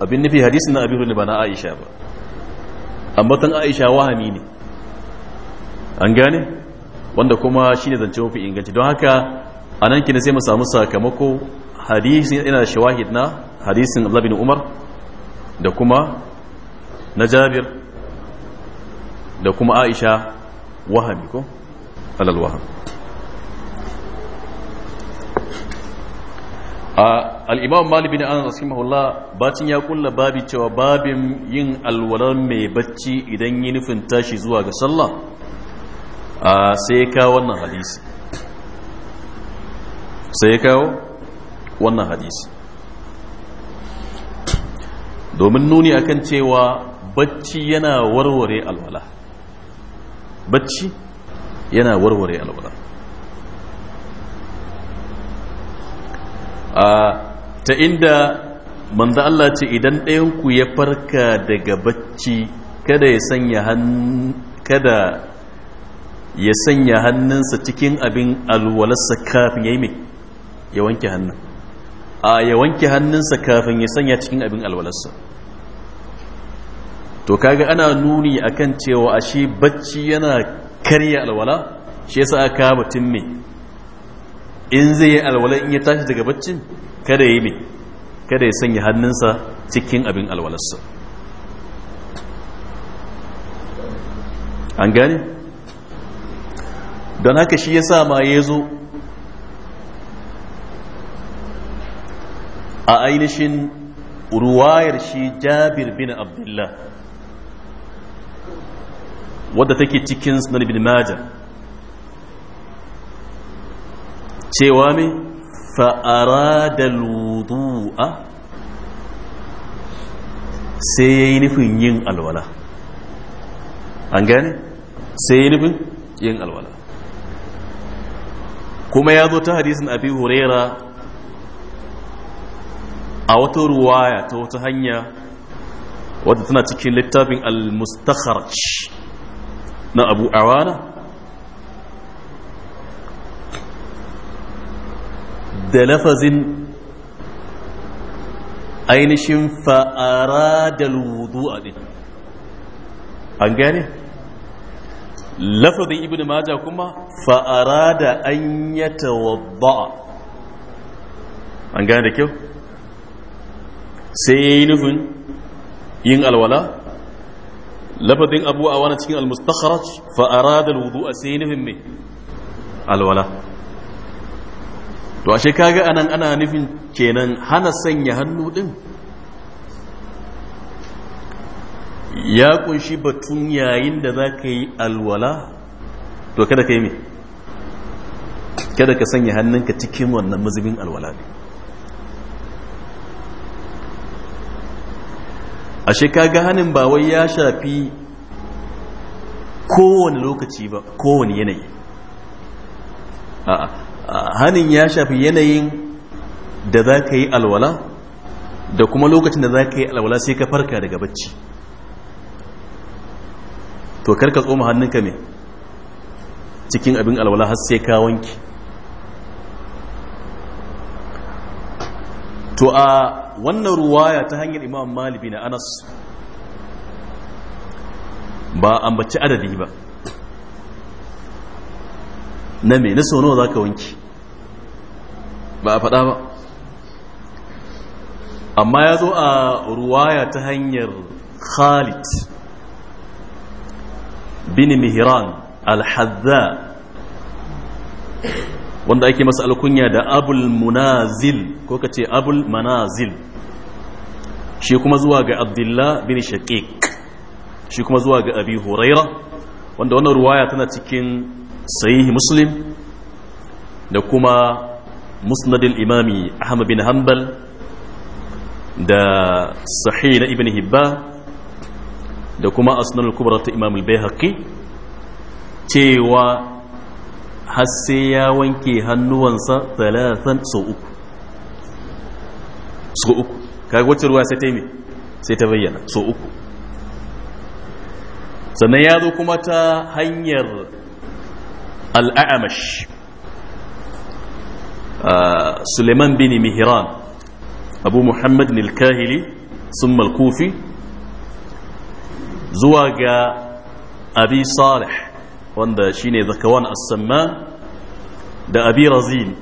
abin nufi hadisin na abi huraira ba na aisha ba ambatan aisha wahami ne an gane wanda kuma shine zance mafi inganci don haka a nan kina sai mu samu sakamako hadisin ina shawahid na hadisin abdullah bin umar da kuma na jabir da kuma aisha wahami ko alal waham al'imam malibi na an rasimahullah bacin ya kulla babi cewa babin yin alwalar mai bacci idan yi nufin tashi zuwa ga sallah sai kawo wannan hadisi sai kawo wannan hadisi domin nuni akan cewa bacci yana warware alwala bacci yana warware alwala ta inda manzo Allah ce idan ɗayanku ya farka daga bacci kada ya sanya kada ya sanya hannunsa cikin abin alwalarsa kafin ya yi mai ya wanke hannun a ya wanke hannunsa kafin ya sanya cikin abin alwalarsa to kaga ana nuni akan cewa ashe bacci yana karya alwala shi yasa aka batun me in zai yi alwala in ya tashi daga baccin kada yi me kada ya sanya hannunsa cikin abin alwalarsa an gane don haka shi yasa ma ya zo a ainihin ruwayar shi jabir bin Abdullahi. wadda take cikin sunan ibn majah cewa me fa'ara da ludu'a sai ya yi nufin yin alwala an gane sai ya yi nufin yin alwala kuma ya zo ta hadisin abi huraira a wata ruwaya ta wata hanya wadda tana cikin littafin al-mustakharaj na abu awana da lafazin ainihin fa'ara da wudu a ɗin an gane lafazin ibn maja kuma fa'ara da an wa ba’a an gane da kyau sai ya yi nufin yin alwala Lafadin abu a wani cikin almustakharaj fa arada alwudu a sai nufin mai alwala to ashe kaga anan ana nufin kenan hana sanya hannu din ya kunshi batun yayin da za ka yi alwala to kada ka yi mai kada ka sanya hannunka cikin wannan mazubin alwala ne ashe kaga hanin ba wai ya shafi kowane lokaci ba kowane yanayi hanin ya shafi yanayin da za ka yi alwala da kuma lokacin da za ka yi alwala sai ka farka daga bacci to karka tsoma hannunka mai cikin abin alwala har sai ka wanke to a wannan ruwaya ta hanyar imam malibi na anas ba ambaci adadi ba na me na nawa za ka wanki ba a fada ba amma ya zo a ruwaya ta hanyar khalid bin mihran al-hadda wanda ake masa alkunya da abul munazil ko ka ce abul manazil shi kuma zuwa ga abdullah bin shaqiq shi kuma zuwa ga abi huraira wanda wannan ruwaya tana cikin sahih muslim da kuma musnadil imami ahmad bin hanbal da sahih na ibn hibba da kuma asnanul kubra ta imam al-baihaqi cewa hasse ya wanke hannuwansa talatan sau uku sau uku kaga wacce ruwa sai ta yi sai ta bayyana sau uku sannan ya zo kuma ta hanyar al'amash suleiman bin mihran abu muhammad nilkahili sun malkufi zuwa ga abi salih wanda shine zakawan as-samma da abi razin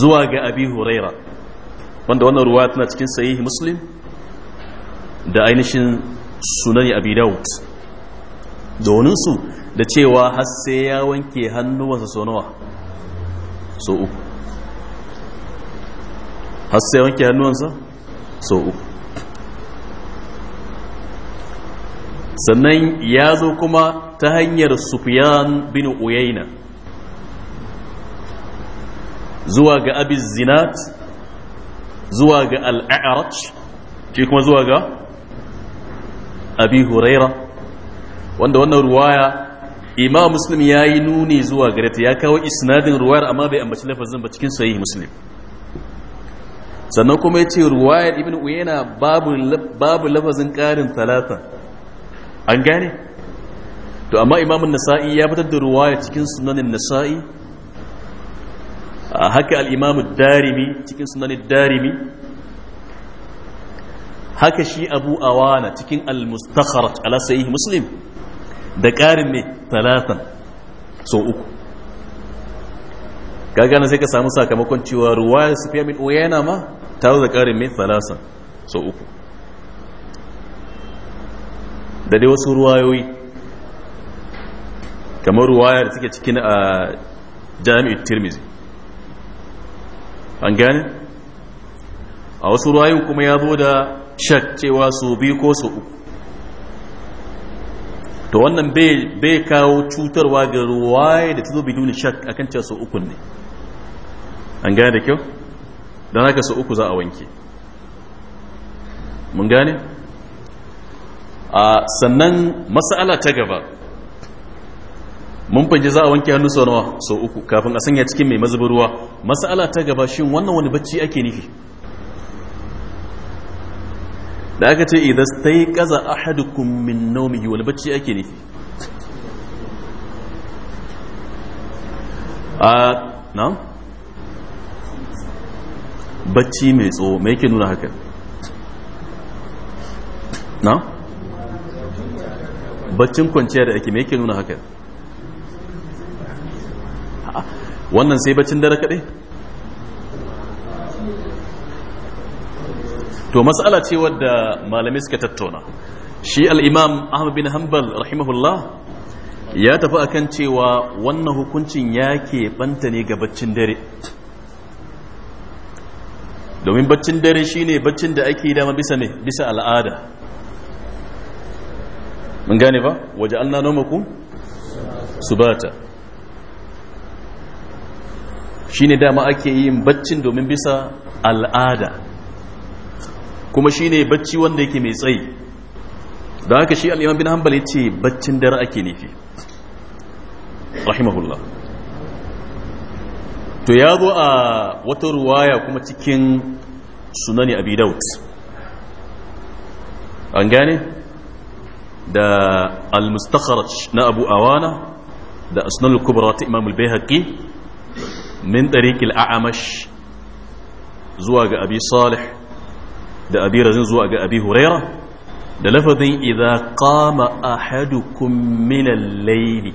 zuwa ga abi huraira wanda wannan ruwa tana cikin sahih muslim da ainihin sunan abi daud donin su da cewa har sai ya wanke hannuwansa so nawa so uku har sai ya wanke hannuwansa so uku sannan ya zo kuma ta hanyar sufyan bin uyaina zuwa ga abin zinat zuwa ga al'a'araj ke kuma zuwa ga abi huraira wanda wannan ruwaya imam muslim ya yi nuni zuwa gare ta ya kawo isnadin ruwayar amma bai ambaci lafazin ba cikin sayi muslim sannan kuma ya ce ruwayar ibn uyayna babu lafazin karin talata an gane to amma imamun nasa'i ya fitar da ruwaya cikin sunanin nasa'i a haka al'imamun darimi cikin sunanin darimi haka shi abu awana cikin al-mustakharat ala sayyid muslim da ƙarin ne talatan so uku kaga na sai ka samu sakamakon cewa ruwaya su fiye min uyana ma ta da ƙarin ne talatan so uku da dai wasu ruwayoyi kamar ruwaya da suke cikin a jami'ar tirmizi an gane a wasu ruwayin kuma ya zo da shak cewa su biyu ko su uku to wannan bai kawo cutarwa ga ruwaya da ta zo ni shak akan cewa su uku ne an gane da kyau don haka su uku za a wanke mun gane a sannan mas'ala ta gaba mun fage za a wanke hannu sau nawa sau uku kafin a sanya cikin mai mazubin ruwa masala ta gaba shin wannan wani bacci ake nufi da aka ce idan yi kaza hadukun min nawmihi wani bacci ake nufi a na bacci mai tsoho mai yake nuna haka na baccin kwanciya da ake mai yake nuna haka wannan sai bacin dare kaɗai to matsala ce wadda malamai suka tattauna shi al'imam ahmad bin hanbal rahimahullah ya tafi akan cewa wannan hukuncin ya banta ne ga baccin dare domin baccin dare shine baccin da ake dama bisa ne bisa al'ada mun gane ba waje an nanomakun subata shine dama ake yin baccin domin bisa al'ada kuma shine bacci wanda yake mai tsayi da haka shi aliman bin hanbal ya ce baccin dare ake nufi rahimahullah to ya zo a wata ruwaya kuma cikin sunani abi daud an gane da al-mustakharaj na abu awana da asnal kubra ta imam al-bayhaqi min ɗariƙil a'amash zuwa ga abi salih da abi razin zuwa ga abi huraira da lafazin idha qama ahadukum min al-layli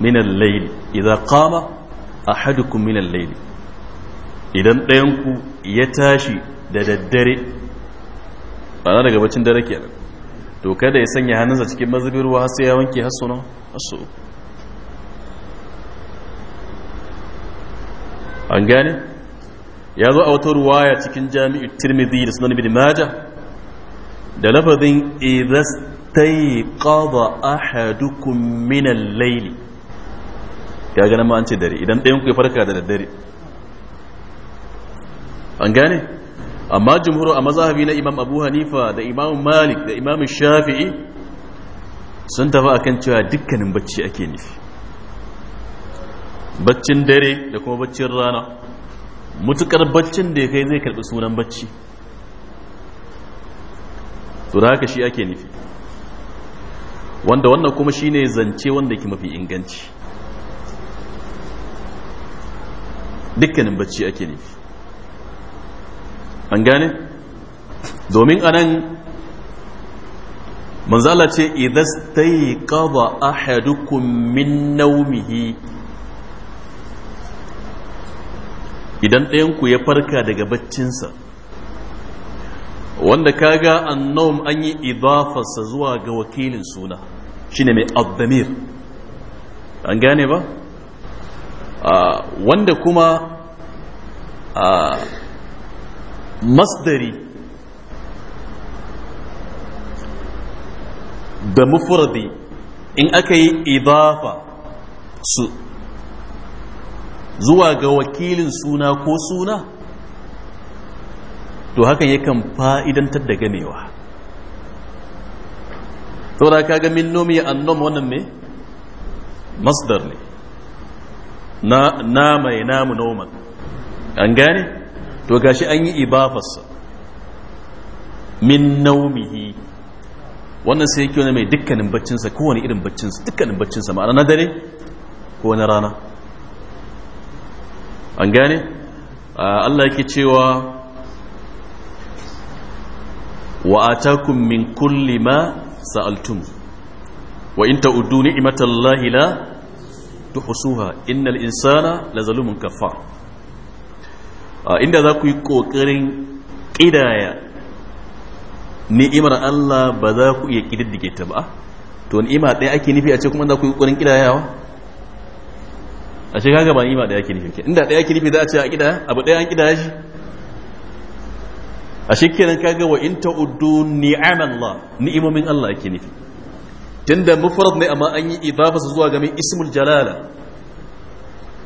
min al-layli idha qama ahadukum min al-layli idan ɗayanku ya tashi da daddare ba na daga bacin dare kenan to kada ya sanya hannunsa cikin mazubin ruwa har sai ya wanke har sunan an gane ya zo a wata ruwaya cikin jami'in tirmidhi da sunan ibn majah da lafazin idastai qada ahadukum min al-layli ya ga ma an ce dare idan ɗayan ku ya farka da daddare an gane amma jumhur a mazhabi na imam abu hanifa da imam malik da imam shafi'i sun tafi akan cewa dukkanin bacci ake nufi baccin dare da kuma baccin rana mutukar baccin da ya kai zai karbi sunan bacci to da haka shi ake nufi wanda wannan kuma shi ne zance wanda ke mafi inganci dukkanin bacci ake nufi an gane domin anan manzala ce idan staiqaba ahadukum min naumihi idan ɗayanku ya farka daga baccinsa wanda kaga annawm an yi idafarsa zuwa ga wakilin suna shine mai abdamir an gane ba wanda kuma masdari da mufuradi in aka yi idafa su zuwa ga wakilin suna ko suna to hakan yakan fa'idantar da ganewa ka kaga min nomi annom wannan ne masdar ne na nama ya namu noman an gane to gashi an yi ibafarsa min naumihi wannan sai yake wani mai dukkanin baccinsa kowane irin baccinsa dukkanin baccinsa ma'ana na dare ko na rana an gane Allah yake cewa wa atakum min kulli ma sa'altum wa in ta'uddu ni'matallahi la tuhsuha innal insana lazalumun kafar inda za ku yi kokarin kidaya ni'imar Allah ba za ku iya kididdige ta ba to ni'ima ɗaya ake nufi a ce kuma za ku yi kokarin kidayawa a shi kaga yi ma daya yake nufi inda daya yake za a ce a kida abu daya an kida shi a shi kenan kaga wa in ni'aman ni'amallah ni'imomin Allah yake nufi tunda mufrad ne amma an yi idafa zuwa ga ismul jalala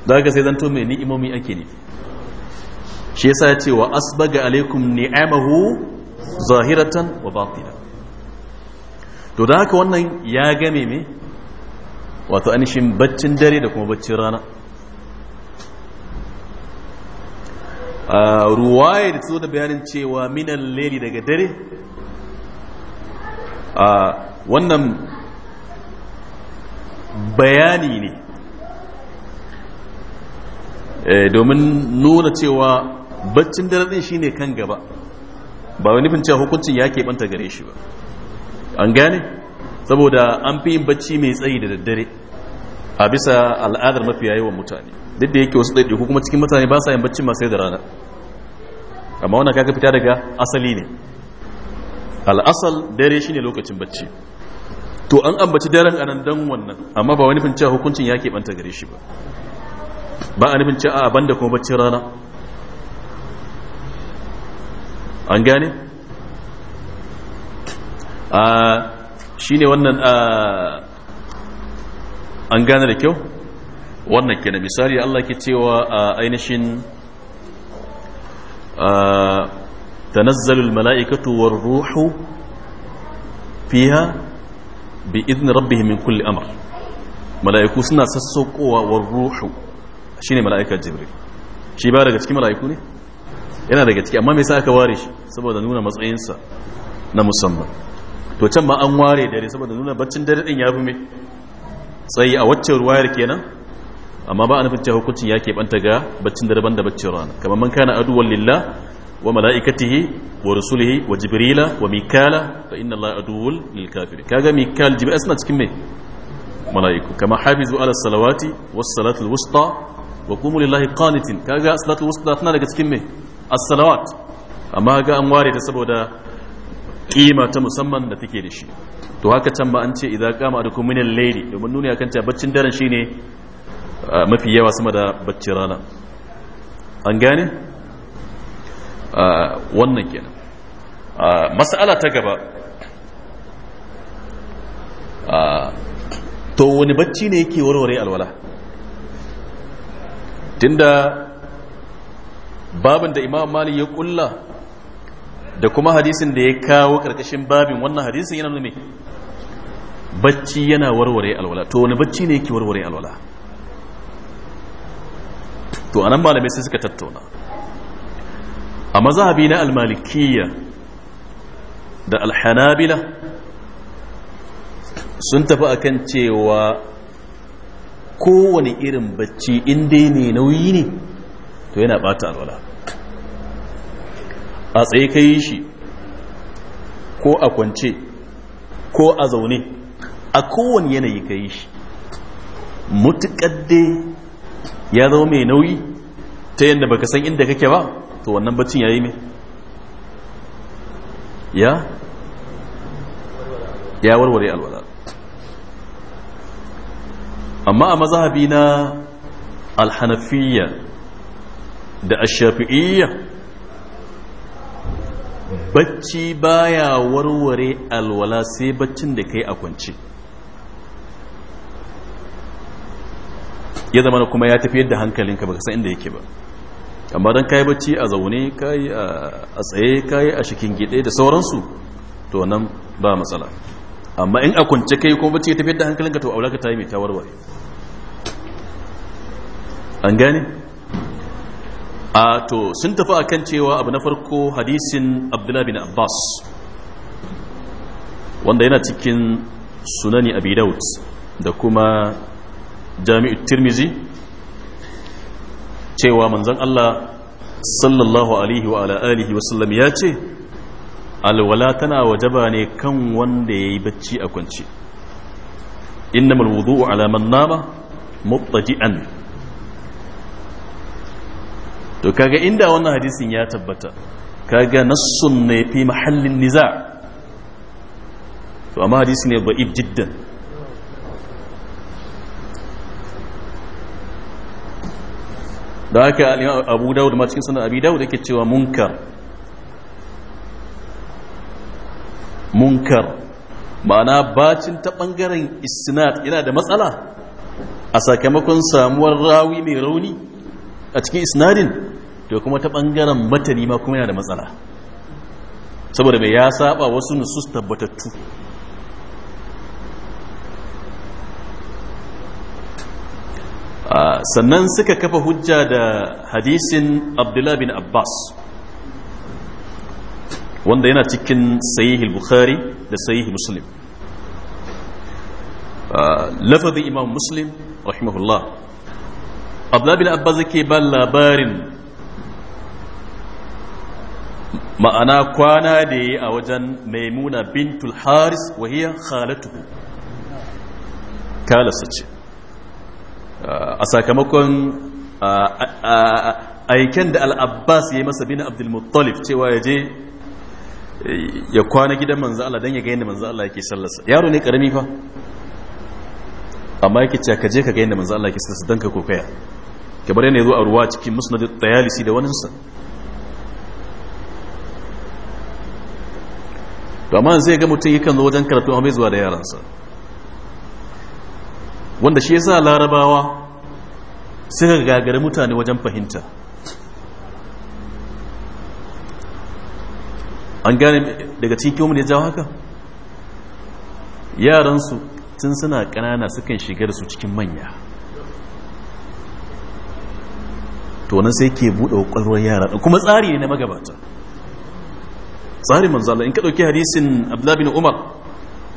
daga sai zanto mai ni'imomi a nufi shi yasa ya ce wa asbaga alaikum ni'amahu zahiratan wa batina to da haka wannan ya game me wato anishin baccin dare da kuma baccin rana Uh, Ruwaye da ta zo da bayanin cewa minan leli daga dare uh, wannan bayani ne eh, domin nuna cewa baccin dare din shine kan gaba ba wani nufin cewa hukuncin ya banta gare shi ba an gane saboda an fi yin bacci mai tsayi da daddare a bisa al'adar mafiya yawan mutane duk da yake wasu ko kuma cikin mutane ba sa yin bacci masu yi da rana amma wannan kaka fita daga asali ne al'asal dare ne lokacin bacci to an ambaci daren nan dan wannan amma ba wani fincin hukuncin ya keɓanta gare shi ba ba a nufin cewa a banda kuma bacci rana an gane? a ah, shi ne wannan a ah, an gane da kyau? wannan na misali Allah ke cewa a ainihin tanazzalul mala'ikatu war ruhu fiya bi idni rabbihim min kulli amr mala'iku suna sassaukowa war ruhu ne mala'ikar jibril shi ba daga cikin mala'iku ne yana daga ciki amma me yasa aka ware shi saboda nuna matsayinsa na musamman to can ma an ware dare saboda nuna baccin dare din fi me tsayi a wacce ruwayar kenan amma ba a nufin cewa hukuncin ya keɓanta ga baccin dare da baccin rana kamar man kana aduwan lillah wa mala'ikatihi wa rusulihi wa jibrila wa mikala fa inna allaha aduwwul lil kafirin kaga mikal jibril suna cikin me mala'iku kama hafizu ala salawati was salatul wusta wa qumu lillahi qanitin kaga salatul wusta tana daga cikin me as-salawat amma ga an ware ta saboda kima ta musamman da take da shi to haka can ba an ce idan kama da kuminan laili domin nuni akan ta baccin daren shine Ah, mafi yawa sama da bacci rana an gane ah, wannan kenan ah, mas'ala ta gaba to wani bacci ne yake warware alwala tunda babin da imam mali ya kulla da kuma hadisin da ya kawo karkashin babin wannan hadisin yana nuna bacci yana warware alwala to wani bacci ne yake warware alwala to anan malamai sai suka tattauna a mazhabi na almalikiya da alhanabila sun tafi akan cewa kowane irin bacci inda ne nauyi ne to yana bata alwala a tsaye ka yi shi ko a kwance ko a zaune a kowane yanayi ka yi shi mutuƙadde ya zama mai nauyi ta yadda baka san inda kake ba to wannan baccin ya yi mai ya ya warware alwala amma a mazhabi na alhanafiyya da ashafi'iyya bacci baya warware alwala sai baccin da kai a kwance ya zama kuma ya tafi yadda hankalinka baka san inda yake ba amma don kayi bacci a zaune kayi a tsaye kayi a shikin gide da sauransu to nan ba matsala amma in a kunce kai kuma bacci ya tafi yadda hankalinka to aulaka ta yi mai ta warware an gane a to sun tafi a kan cewa abu na farko hadisin abdullahi bin abbas wanda yana cikin sunani abi daud da kuma jami'ar tirmizi cewa manzan Allah sallallahu alaihi wa alihi wasallam ya ce alwala tana wajaba ne kan wanda ya yi bacci a kwanci innamal wudu'u ala man nama mubtadi'an to kaga inda wannan hadisin ya tabbata kaga nassun ne fi mahallin niza to amma hadisi ne da'if jiddan da haka al'imam abu dawud ma cikin sanar abu dawud yake cewa munkar munkar ma'ana bacin ta bangaren isnad yana da matsala a sakamakon samuwar rawi mai rauni a cikin isnadin to kuma ta bangaren matani ma kuma yana da matsala saboda mai ya saba wasu nusus tabbatattu Ah, sannan suka kafa hujja da hadisin abdullah bin abbas wanda yana cikin sayihi bukhari da sayihi muslim ah, lafazin imam muslim rahimahullah abdullah bin abbas yake ba labarin ma'ana kwana da yi a wajen maimuna bintul haris wahiyar khalatuhu kalasa ce a sakamakon aiken da al'abbas ya yi masa bin abdulmuttalif cewa ya je ya kwana gidan manzo Allah don ya ga yadda manzo Allah yake sallarsa yaro ne karami fa amma yake cewa ka je ka ga yadda manzo Allah yake sallarsa don ka kokaya kamar yana zo a ruwa cikin musnad tayalisi da waninsa to amma zai ga mutum yakan zo wajen karatu amma bai zuwa da yaransa wanda shi yasa larabawa suka gagari mutane wajen fahimta an gane daga cikin wani ya jawo haka yaransu tun suna ƙanana sukan shiga da su cikin manya tonan sai ke buɗe ƙwaƙwalwar yara kuma tsari ne na magabata tsari manzala in ka ɗauki hadisin Abdullabi bin umar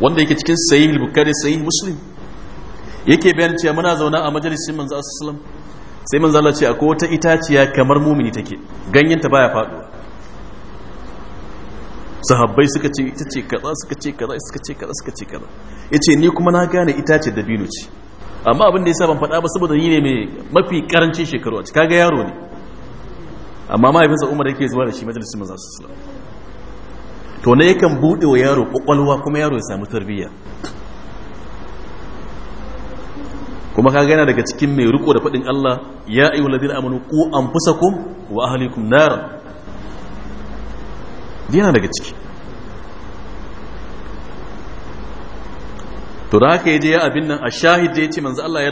wanda yake cikin sayi bukari sayi musulmi yake bayan cewa muna zauna a majalisin manzo sallam sai manzo Allah ce akwai wata itaciya kamar mumini take ta baya faduwa sahabbai suka ce ita ce kaza suka ce kaza suka ce kaza suka ce kaza yace ni kuma na gane itace bino ce amma abin da yasa ban faɗa ba saboda ni ne mai mafi karancin shekaru a kaga yaro ne amma mahaifinsa Umar yake zuwa da shi majalisin manzo sallam to ne yakan bude wa yaro kwakwalwa kuma yaro ya samu tarbiyya kuma ka gana daga cikin mai riko da faɗin Allah ya ayu ladina amanu ku anfusakum wa ahlikum nar yana daga ciki to da haka je ya abin nan a shahid da yace manzo Allah ya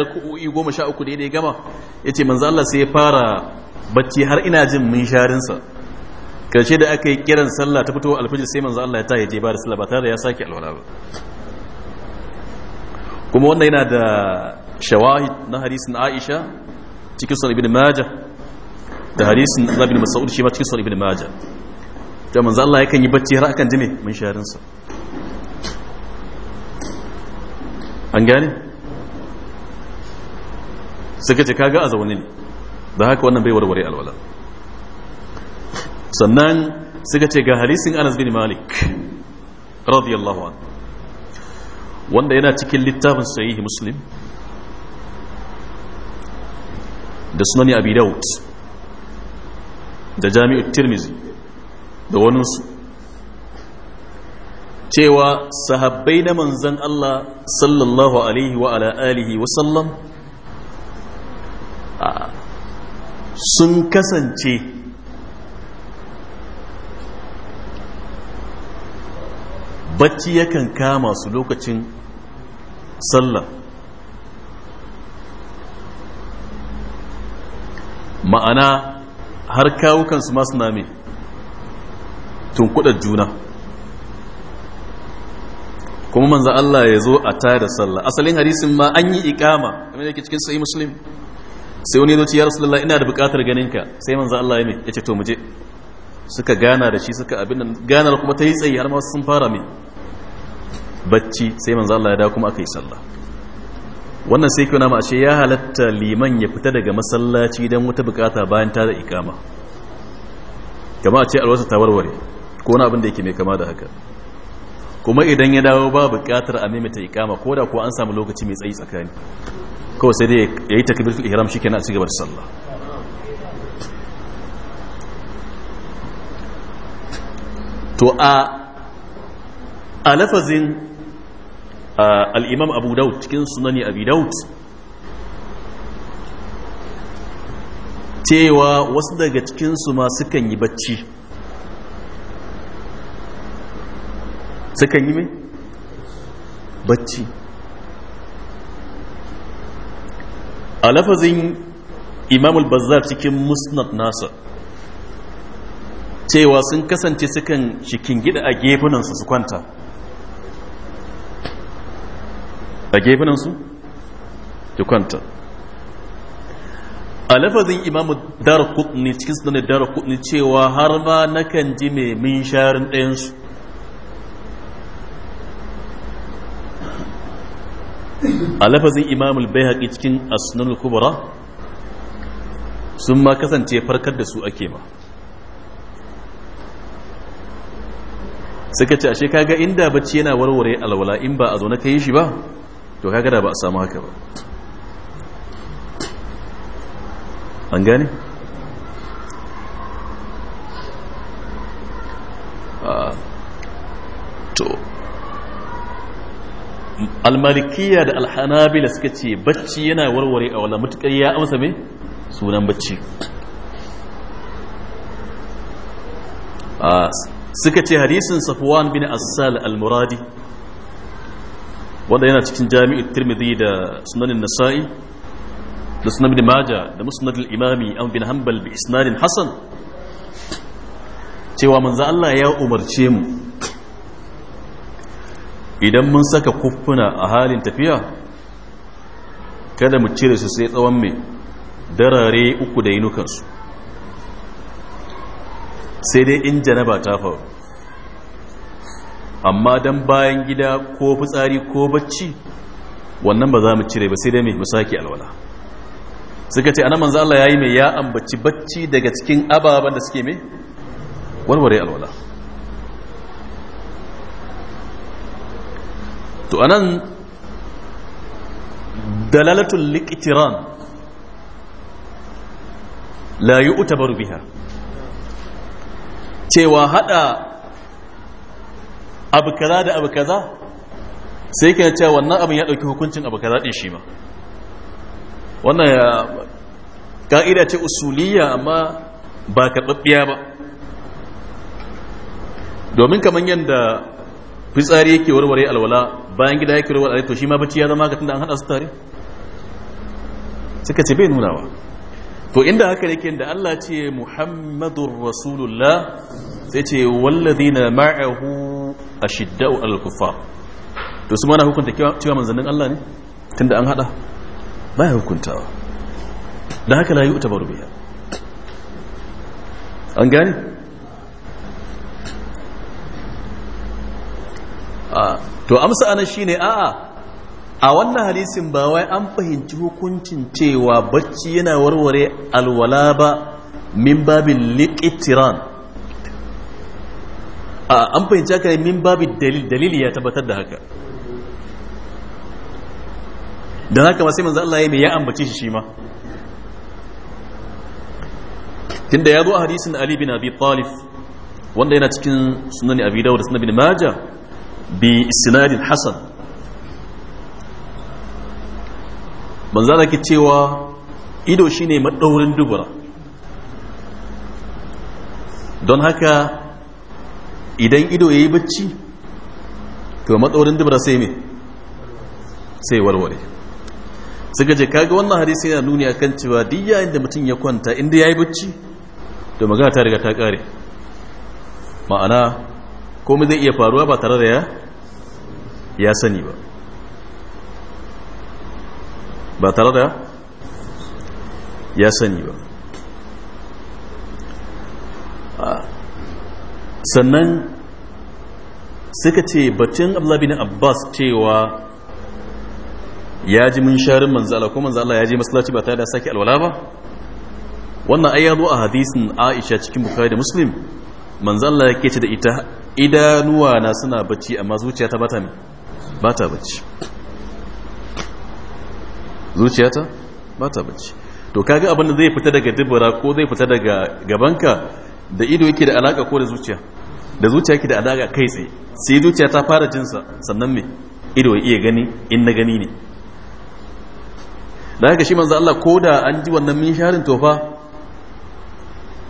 goma 13 da daidai gama yace manzo Allah sai ya fara bacci har ina jin mun sharin sa karshe da aka yi kiran sallah ta fito alfajir sai manzo Allah ya ta yaje ba da sallah ba tare ya sake alwala ba kuma wannan yana da shawahid na hadisin aisha cikin sunan ibn majah da hadisin na ibn mas'ud shi ma cikin sunan ibn majah to manzo Allah yakan yi bacci har akan jime mun sharin sa an gane a zaune ne haka wannan bai warware alwala sannan suka ce ga hadisin Anas bin Malik radiyallahu anhu wanda yana cikin littafin sahihi Muslim da sunani abi daud da jami'ar tirmizi da waninsu cewa sahabbai na manzan Allah sallallahu alaihi wa ala alihi wa sallam sun kasance bacci yakan kama su lokacin sallah ma'ana har kawukansu masu name tunkuɗar juna kuma manzan Allah ya zo a tare da sallah asalin hadisin ma an yi ikama kamar yake cikin sai muslim sai wani zoci ya rasulullah ina da bukatar ganinka sai manzan Allah ya mai ya ce to muje suka gana da shi suka abin nan ganar kuma ta yi tsayi har ma sun fara mai bacci sai manzan Allah ya dawo kuma aka yi sallah wannan sai kyau nama ashe ya halatta liman ya fita daga masallaci don wata bukata bayan ta da ikama kama a ce alwasa ta warware ko wani abin da yake mai kama da haka kuma idan ya dawo ba bukatar a maimaita ikama ko da kuwa an samu lokaci mai tsayi tsakani kawai sai dai ya yi takbiratul ihram kenan a cigaba da sallah to a a lafazin al'imam abu daud cikin sunani abu daud cewa wasu daga cikinsu ma sukan yi bacci sukan yi mai bacci a lafazin imam al-bazzar cikin musnad nasa cewa sun kasance sukan shikin gida a gefunansu su kwanta a gefinansu ya kwanta a lafazin imamu dara kudni cikin ne dara kudni cewa har ma kan ji mai min sharin ɗayansu a lafazin imamu bai haƙi cikin asnul kubra sun ma kasance farkar da su ake ma suka ce a shekaga inda bacci yana warware alwala in ba a zo na kai shi ba to kaga da ba a samu haka ba an gane ah, to almalikiya da alhanabila suka ce bacci yana warware a wala matukar ya amsa mai sunan bacci ah, suka ce hadisin safuwan bin assal al-muradi wanda yana cikin jami'in tirmidhi da sunanin nasa'i da sunan ibn maja da musnad al-imami an bin hanbal bi isnadin hasan cewa manzo Allah ya umarce mu idan mun saka kuffuna a halin tafiya kada mu cire su sai tsawon mai darare uku da yinukansu sai dai in janaba ta faru amma dan bayan gida ko fitsari ko bacci wannan ba za mu cire ba sai dai mu sake alwala suka ce anan manzo Allah yayi mai ya ambaci bacci daga cikin ababen da suke mai warware alwala to anan dalalatul liqtiran la yu'tabaru biha cewa hada abu kaza da abu kaza sai ka cewa wannan abin ya ɗauki hukuncin abu kaza ɗin shi ma wannan ya ka'ida ce usuliya amma ba karɓaɓɓiya ba domin kamar yadda fitsari yake warware alwala bayan gida yake warware to shi ma bacci ya zama ka tunda an haɗa su tare suka ce bai nunawa to inda haka yake da Allah ce Muhammadur Rasulullah sai ce wallazina ma'ahu ashidda'u al kuffar to su mana hukunta cewa manzannin Allah ne tunda an hada baya hukuntawa da haka la yu'tabaru biha an gane to amsa anan shine a'a a wannan hadisin ba wai an fahimci hukuncin cewa bacci yana warware alwala ba min babin liqitran an fahimci haka min babu dalili ya tabbatar da haka don haka masu manzo Allah ya mai ya ambace shi shi ma tunda ya zo a hadisin Ali bin Abi Talib wanda yana cikin sunani Abi Dawud da sunan Ibn Majah bi isnadin Hassan. manzo Allah ke cewa ido shine madaurin dubura don haka idan ido ya yi bacci to matsorin dubra sai me sai warware suka je kaga wannan hadisi yana nuni akan cewa diya inda mutum ya kwanta inda ya yi bacci to magana ta riga ta kare ma'ana komai zai iya faruwa ba tare da ya ya sani ba ba tare da ya sani ba sannan suka ce batun bin abbas cewa ya ji mun sharin manzala ko manzala ya je masallaci ba tare da sake alwala ba wannan ai ya zo a hadisin aisha cikin bukari da muslim manzala ya ke ce da ita idanuwa na suna bacci amma zuciyata ba ta ba ta bacci zuciyata ba ta bacci to kaga abin da zai fita daga dubura ko zai fita daga gabanka da ido yake da alaka ko da zuciya da zuciya yake da alaka kai tsaye sai zuciya ta fara jinsa sannan me ido ya iya gani in na gani ne da haka shi manzo Allah ko da an ji wannan minsharin tofa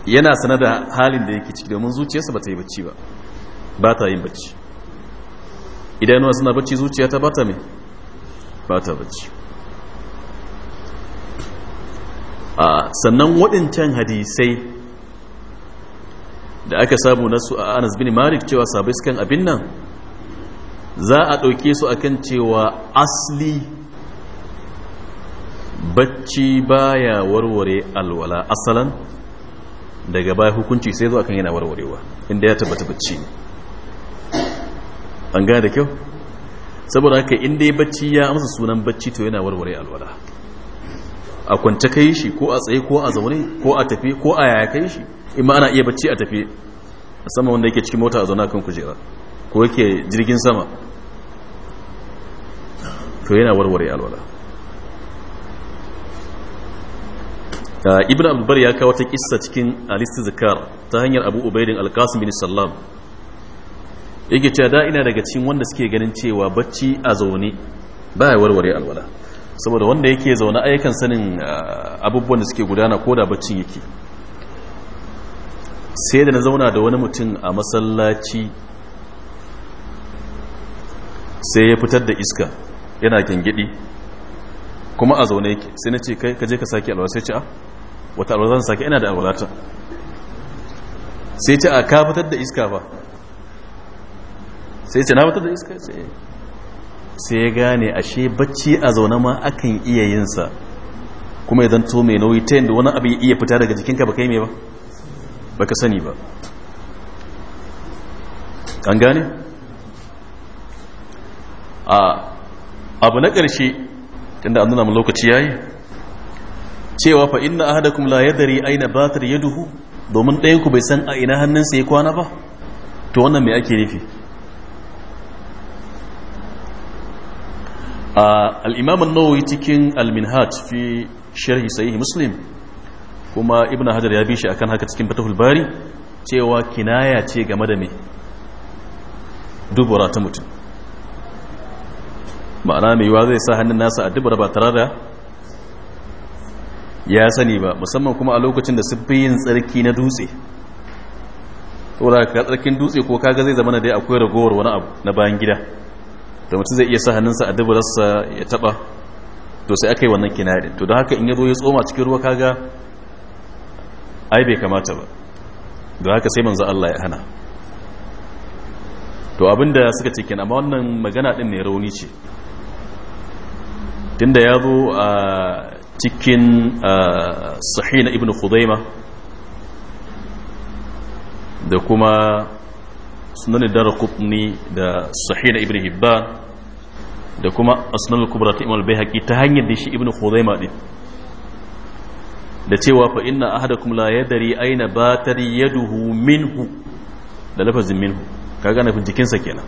yana sanar da halin da yake ciki domin zuciyarsa ba ta yi bacci ba ba ta yin bacci idanuwa suna bacci zuciya ta ba ta me ba ta bacci sannan waɗancan hadisai da aka samu na su a anas bin malik cewa sabai sukan abin nan za a ɗauke su akan cewa asli bacci baya warware alwala asalan daga baya hukunci sai zo akan yana warwarewa inda ya tabbata bacci ne an gane da kyau saboda haka inda ya bacci ya amsa sunan bacci to yana warware alwala a kwance kai shi ko a tsaye ko a zaune ko a tafi ko a yaya kai shi imma ana iya bacci a tafi sama wanda yake cikin mota a zauna kan kujera ko yake jirgin sama to yana warware alwala ah, ibn abdulbar ya kawo ta kissa cikin alisti zakar ta hanyar abu ubaidin alkasim bin sallam yake cewa da ina daga cikin wanda suke ganin cewa bacci a zaune ba ya warware alwala saboda wanda yake zaune ayyukan sanin ah, abubuwan da suke gudana ko da baccin yake sai da na zauna da wani mutum a masallaci sai ya fitar da iska yana gingidi kuma a zaune yake sai na ce kai kaje ka sake alwala sai ce a ah, wata alwala zan sake ina da alwalata sai ce a ka fitar da iska ba sai ce na fitar da iska sai ya gane ashe bacci a zaune ma akan iya yinsa kuma ya zanto mai nauyi ta yadda wani abu ya iya fita daga jikinka ba kai mai ba baka sani ba an gane a abu na ƙarshe tunda an nuna mu lokaci ya yi. cewa fa inna ahadakum la yadri aina batar yaduhu domin ɗayan ku bai san a ina hannunsa ya kwana ba to wannan me ake nufi al-imam an-nawawi cikin al-minhaj fi sharhi sahih muslim kuma ibn hajar ya bi shi akan haka cikin fatahul bari cewa kinaya ce game da me dubura ta mutum ma'ana mai yiwa zai sa hannun nasa a dubura ba tare da ya sani ba musamman kuma a lokacin da sun yin tsarki na dutse saboda tsarkin dutse ko kaga zai zama na dai akwai ragowar wani abu na bayan gida da mutum zai iya sa hannunsa a sa ya taba to sai aka yi wannan kinaya to don haka in ya zo ya tsoma cikin ruwa kaga ai bai kamata ba da haka sai manzo Allah ya hana to abinda suka ce kenan amma wannan magana din ne rauni ce tunda ya zo a cikin sahih na ibnu khudaima da kuma sunan darqutni da sahih na ibnu hibban da kuma asnal kubra ta imam al ta hanyar da shi ibnu khudaima din da cewa fa inna ahadakum la yadri aina batar yaduhu minhu da lafazin minhu kaga nafin jikinsa kenan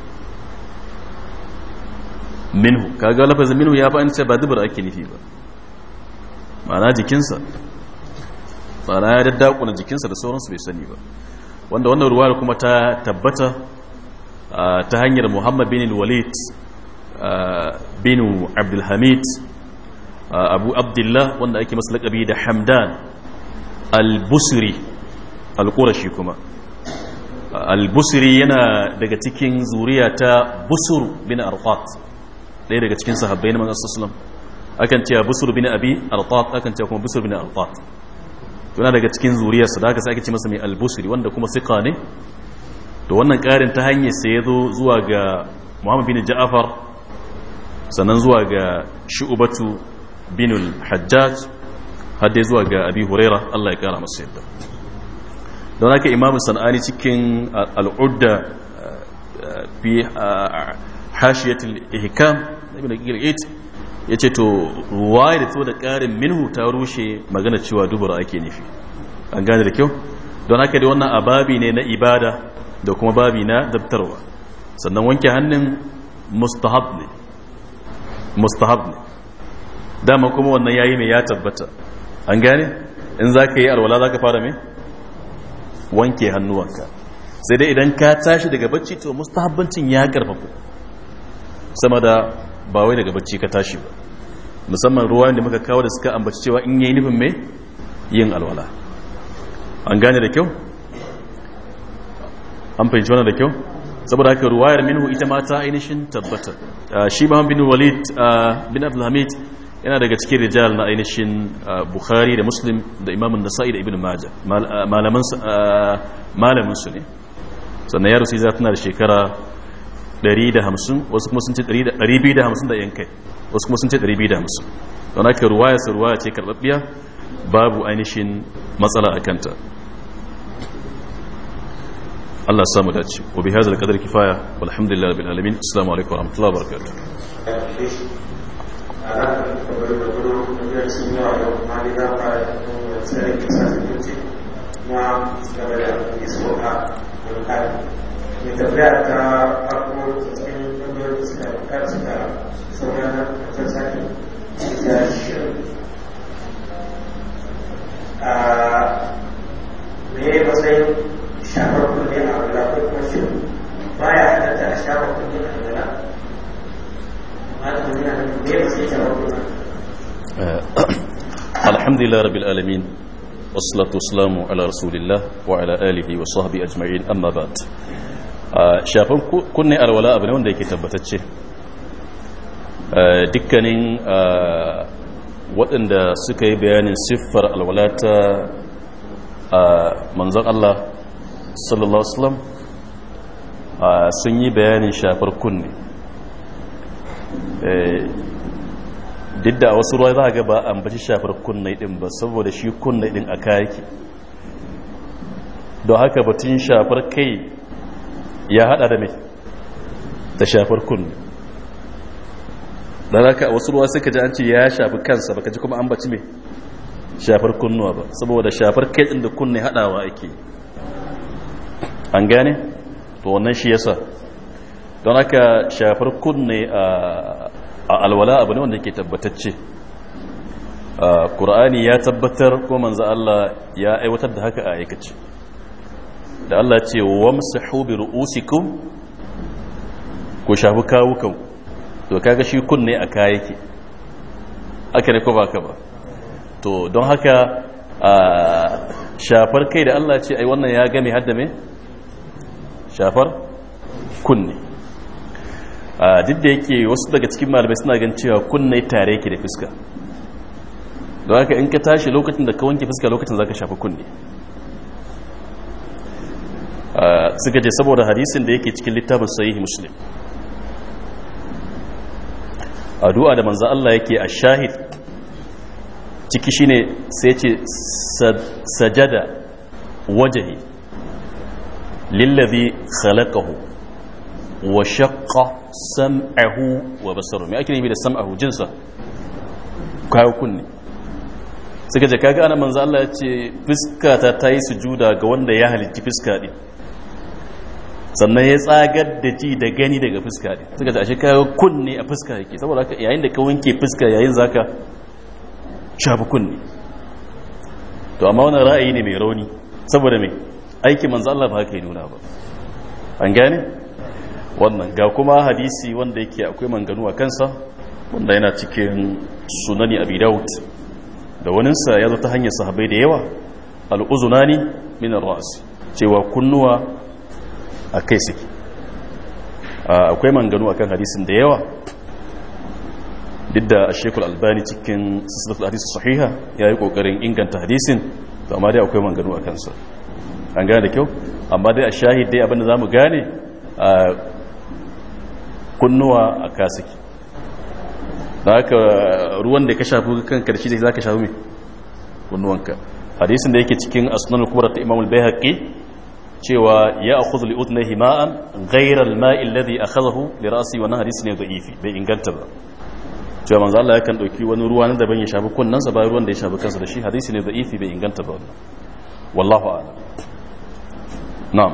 minhu kaga lafazin minhu ya ba an ce ba dubar ake nufi ba ma'ana jikinsa ma'ana ya daddakuna jikinsa da sauransu bai sani ba wanda wannan ruwayar kuma ta tabbata ah, ta hanyar muhammad bin walid ah, bin abdulhamid abu abdullah wanda ake masa lakabi da hamdan al-busri al-qurashi kuma al-busri yana daga cikin zuriya ta busur bin arqat ɗaya daga cikin sahabbai na manzon sallallahu akan ce busur bin abi arqat akan ce kuma busur bin arqat to yana daga cikin zuriyarsa da haka sai ake ce masa mai al-busri wanda kuma siqa ne to wannan ƙarin ta hanyar sai yazo zuwa ga muhammad bin Jafar sannan zuwa ga shi'ubatu bin al-hajjaj har dai zuwa ga abi huraira Allah ya kara masa yadda don haka imamu sana'ani cikin al'udda eh, fi eh, hashiyatul ihkam ibn al yace to ruwaya da to da karin minhu ta rushe magana cewa dubura ake nufi an gane da kyau don haka dai wannan ababi ne na ibada da kuma babi na dabtarwa sannan wanke hannun mustahab ne mustahab ne dama kuma wannan yayi mai ya tabbata an gane in za ka yi alwala za ka fara mai wanke hannuwanka sai dai idan ka tashi daga bacci to mustahabbancin ya karfafu sama da ba wai daga bacci ka tashi ba musamman ruwa da muka kawo da suka ambaci cewa in yayi nufin mai yin alwala an gane da kyau an fahimci wannan da kyau saboda haka ruwayar minhu ita ma ta ainihin tabbata ah, shi ma bin walid ah, bin abdulhamid yana daga cikin rijal na ainihin uh, bukhari da muslim da imamun nasa'i da ibn maja uh, uh, malaminsu ne sannan ya rusu za tana da shekara 150 wasu kuma sun ce 250 da yankai wasu kuma sun ce 250 don haka ruwaya su ruwaya ce karɓaɓɓiya babu ainihin matsala a kanta Allah ya samu dace wa bi hadha al-qadar kifaya walhamdulillahi rabbil alamin assalamu alaikum wa rahmatullahi wa zuwa da kuma riga fara da tsare kisa da kuce kuma gaba da isoka da kare mai tafiya ta farko cikin kudin da suka buka suka sauran na kasar sake ta shirin me matsayin shafar kudi a wula ko kuma shirin baya halatta a shafar kudi a wula amma da mutum ne matsayin shafar kudi الحمد لله رب العالمين والصلاة والسلام على رسول الله وعلى آله وصحبه أجمعين أما بعد shafin kunne alwala abu ne wanda yake tabbatacce dukkanin waɗanda suka yi bayanin siffar alwala ta manzan Allah sallallahu Alaihi sun yi bayanin shafar kunne duk da wasu ruwa za ga ba ambaci shafar kunna din ba saboda shi kunna din a kayaki don haka batun shafar kai ya hada da mai da shafar kunna don haka wasu ruwa suka ji an ce ya shafi kansa baka ji kuma ambaci mai shafar kunnuwa ba saboda shafar kai din da kunne hadawa ake an gane to wannan shi yasa don haka shafar kunna. a alwala abu ne wanda yake tabbatacce ƙura'ani ya tabbatar ko manzo Allah ya aiwatar da haka a aikace da Allah ce masu bi ru'usikum ku shafi kawukan to kaga shi kunne a kaya yake aka ne ko ba ba to don haka shafar kai da Allah ce ai wannan ya game hadda me shafar kunne a ah, duk da yake wasu daga cikin malamai suna gan cewa kunne tare yake da fuska don haka in ka tashi lokacin da ka wanke fuska lokacin za ka shafi kunne ah, suka je saboda hadisin da yake cikin littafin sahihi muslim addu'a da manzo Allah yake a shahid ciki shine sai ce sajada wajahi lillazi khalaqahu wa shaqqa sam'ahu wa basaru me ake nemi da sam'ahu jinsa kayo kunne suka je kaga ana manzo Allah ya ce fuska ta tayi sujuda ga wanda ya halitti fuska din sannan ya tsagar da ji da gani daga fuska din suka ce ashe kayo kunne a fuska yake saboda haka yayin da ka wanke fuska yayin zaka shafi kunne to amma wannan ra'ayi ne mai rauni saboda me aiki manzo Allah ba haka ya nuna ba an gane wannan ga kuma hadisi wanda yake akwai manganu a kansa wanda yana cikin sunani abi daud da waninsa ya zo ta hanyar sahabai da yawa al'uzunani min ras cewa kunnuwa a kai suke akwai manganu akan hadisin da yawa duk da shekul albani cikin sassatul hadisi sahiha ya yi kokarin inganta hadisin to amma dai akwai manganu a kansa an gane da kyau amma dai a shahid dai abinda zamu mu gane kunnuwa a kasiki da haka ruwan da ka shafi kan karshe zai za ka shafi mai kunnuwanka hadisin da yake cikin asunan kuma ta imamul bai cewa ya a kuzu li'ut na hima'an gairar ma'il ladhi a kazahu da ra'asi wannan hadisi ne da'ifi bai inganta ba cewa manzo Allah yakan dauki wani ruwa na daban ya shafi kunnansa ba ruwan da ya shafi kansa da shi hadisi ne da'ifi bai inganta ba wallahu a'lam na'am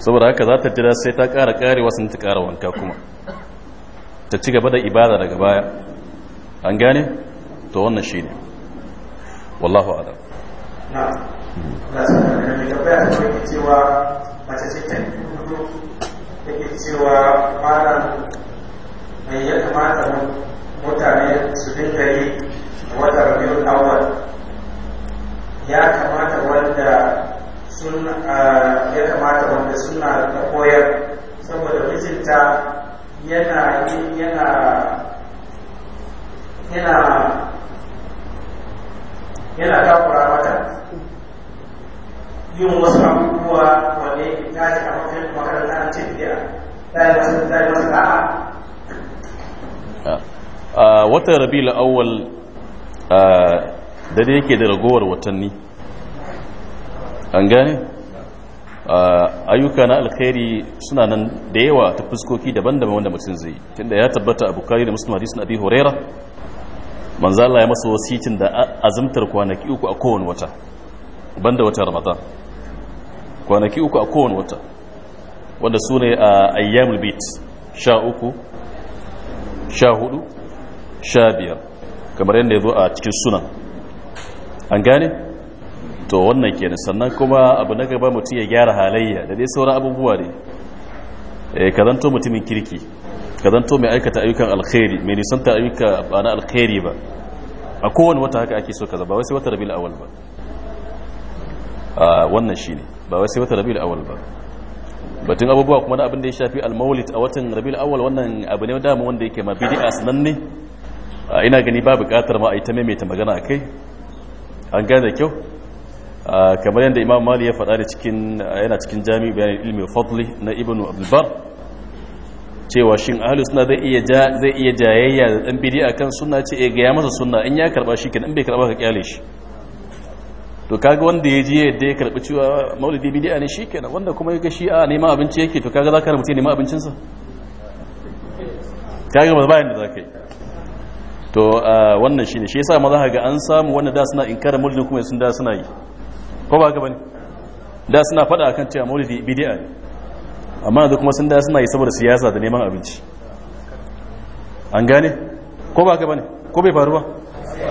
saboda haka za ta jira sai ta ƙara kare wasu ta ƙara wanka kuma ta ci gaba da ibada daga baya an gane to wannan shi ne wallahu adam mutane su dinga wata ya kamata wanda Sun ya kamata wanda suna ta koyar saboda mijinta yana yana yana yana takura mata yin wasu abubuwa wanda ya ta ji a matsayin makaranta na tafiya ta yi masu ta yi masu a'a watan rabi'ul awwal da da yake da ragowar watanni an gane ayyuka na alkhairi suna nan da yawa ta fuskoki daban-daban wanda mutum zai tunda ya tabbata a bukari da musulman hadisun abi horera Manzala ya masa wasicin da azumtar kwanaki uku a kowane wata banda wata ramadan kwanaki uku a kowane wata wanda su ne a ayyamul bit sha uku sha hudu sha biyar kamar yadda ya zo a cikin sunan an gane to wannan ke sannan kuma abu na gaba mutum ya gyara halayya da dai sauran abubuwa ne eh, ka zanto mutumin kirki ka zanto mai aikata ayyukan alkhairi mai nisanta ayyuka ba na alkhairi ba a kowane wata haka ake so ka zaba wasu wata rabi'ul awal ba wannan shine ba wasu wata rabi'ul awal ba batun abubuwa kuma na abin da ya shafi almaulit a watan rabi'ul awal wannan abu ne dama wanda yake ma bid'a sananne ina gani ba buƙatar ma a yi ta maimaita magana akai an gane kyau Ah, kamar yadda imam mali ya faɗa da cikin yana cikin jami'u bayanin ilmi fadli na Ibn abdulbar cewa shin ahalus suna zai iya zai iya jayayya da dan a kan sunna ce eh ga ya masa sunna in ya karba shi kenan in bai karba ka kyale shi to kaga wanda ya je yadda ya karbi cewa maulidi bid'a ne shi kenan wanda kuma ya shi a nema abinci yake to kaga zaka rubuce nema abincin sa kaga ba bayan da zaka yi to ah, wannan shine shi yasa maza ga an samu wanda da suna inkara mulkin kuma sun da suna yi ko ba ka bane da suna fada akan cewa maulidi bid'a ne amma da kuma sun da suna yi saboda siyasa da neman abinci an gane ko ba ka bane ko bai faru ba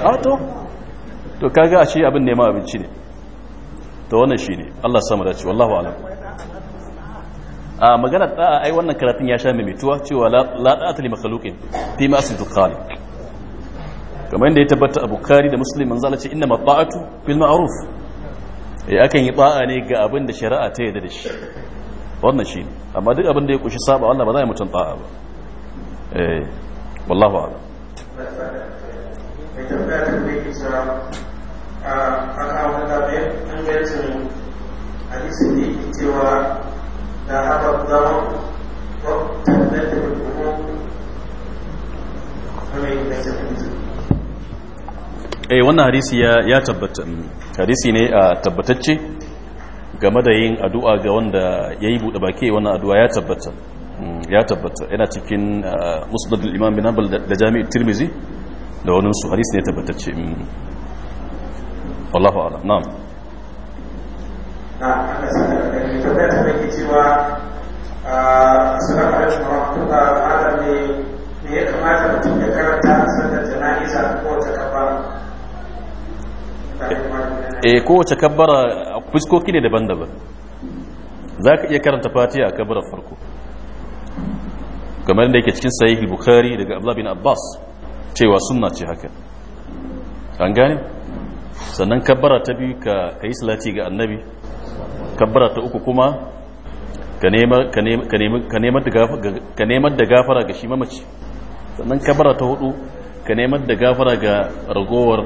a to to kaga ashe abin neman abinci ne to wannan ne Allah da dace wallahu a'lam a magana da'a ai wannan karatun ya sha maimaituwa cewa la da'ata li makhluqin fi ma asidu khaliq kamar yadda ya tabbata a bukari da muslim manzo ce inna mata'atu bil ma'ruf ya eh, akan yi ba'a ne ga abin da shari'a ta yi da shi wannan shi ne amma duk abin da ya kushi saba wannan ba za a yi mutum ta'a ba eh wallahu ala eh wannan hadisi ya tabbata hadisi ne a ah, tabbatacce game da yin addu'a ga wanda ya yi buɗe baki wannan addu'a ya tabbata hmm, ya tabbata yana cikin ah, musnadul imam bin hanbal da jami'in tirmizi da wani su hadisi ne tabbatacce hmm. Allah fa'ala na'am ne eh, ah, ya kamata mutum ya karanta a sanda jana'iza ko ta kafa eh kowace kabbara fuskoki ne daban-daban za ka iya karanta fatiya a kabbarar farko kamar da yake cikin sahih bukhari daga abu bin abbas cewa sunna ce haka an gane sannan kabbara ta biyu ka yi salati ga annabi kabbara ta uku kuma ka nemar da gafara ga shi mamaci sannan kabbara ta hudu ka nemar da gafara ga ragowar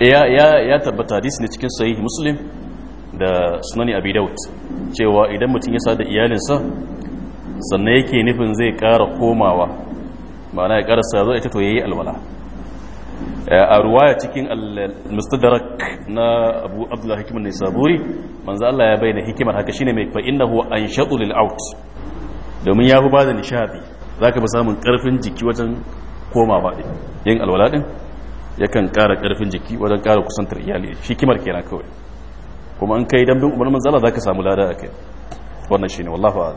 ya ya ya tabbata hadisi ne cikin sahihi muslim da sunani abi daud cewa idan mutum ya sada iyalinsa sannan yake nufin zai kara komawa ma'ana ya ƙara sa zai ta to yayi alwala a ruwaya cikin al-mustadrak na Abu Abdullah Hakim ne saburi manzo Allah ya bayyana hikimar haka shine mai fa innahu anshadu lil out domin ya fi da nishadi za ka fi samun ƙarfin jiki wajen komawa ɗin yin alwala ɗin kan ƙara ƙarfin jiki wajen ƙara kusantar iyali shi kimar kenan kawai kuma an kai dan bin umarnin manzala za ka samu lada a kai wannan shi ne wallafa a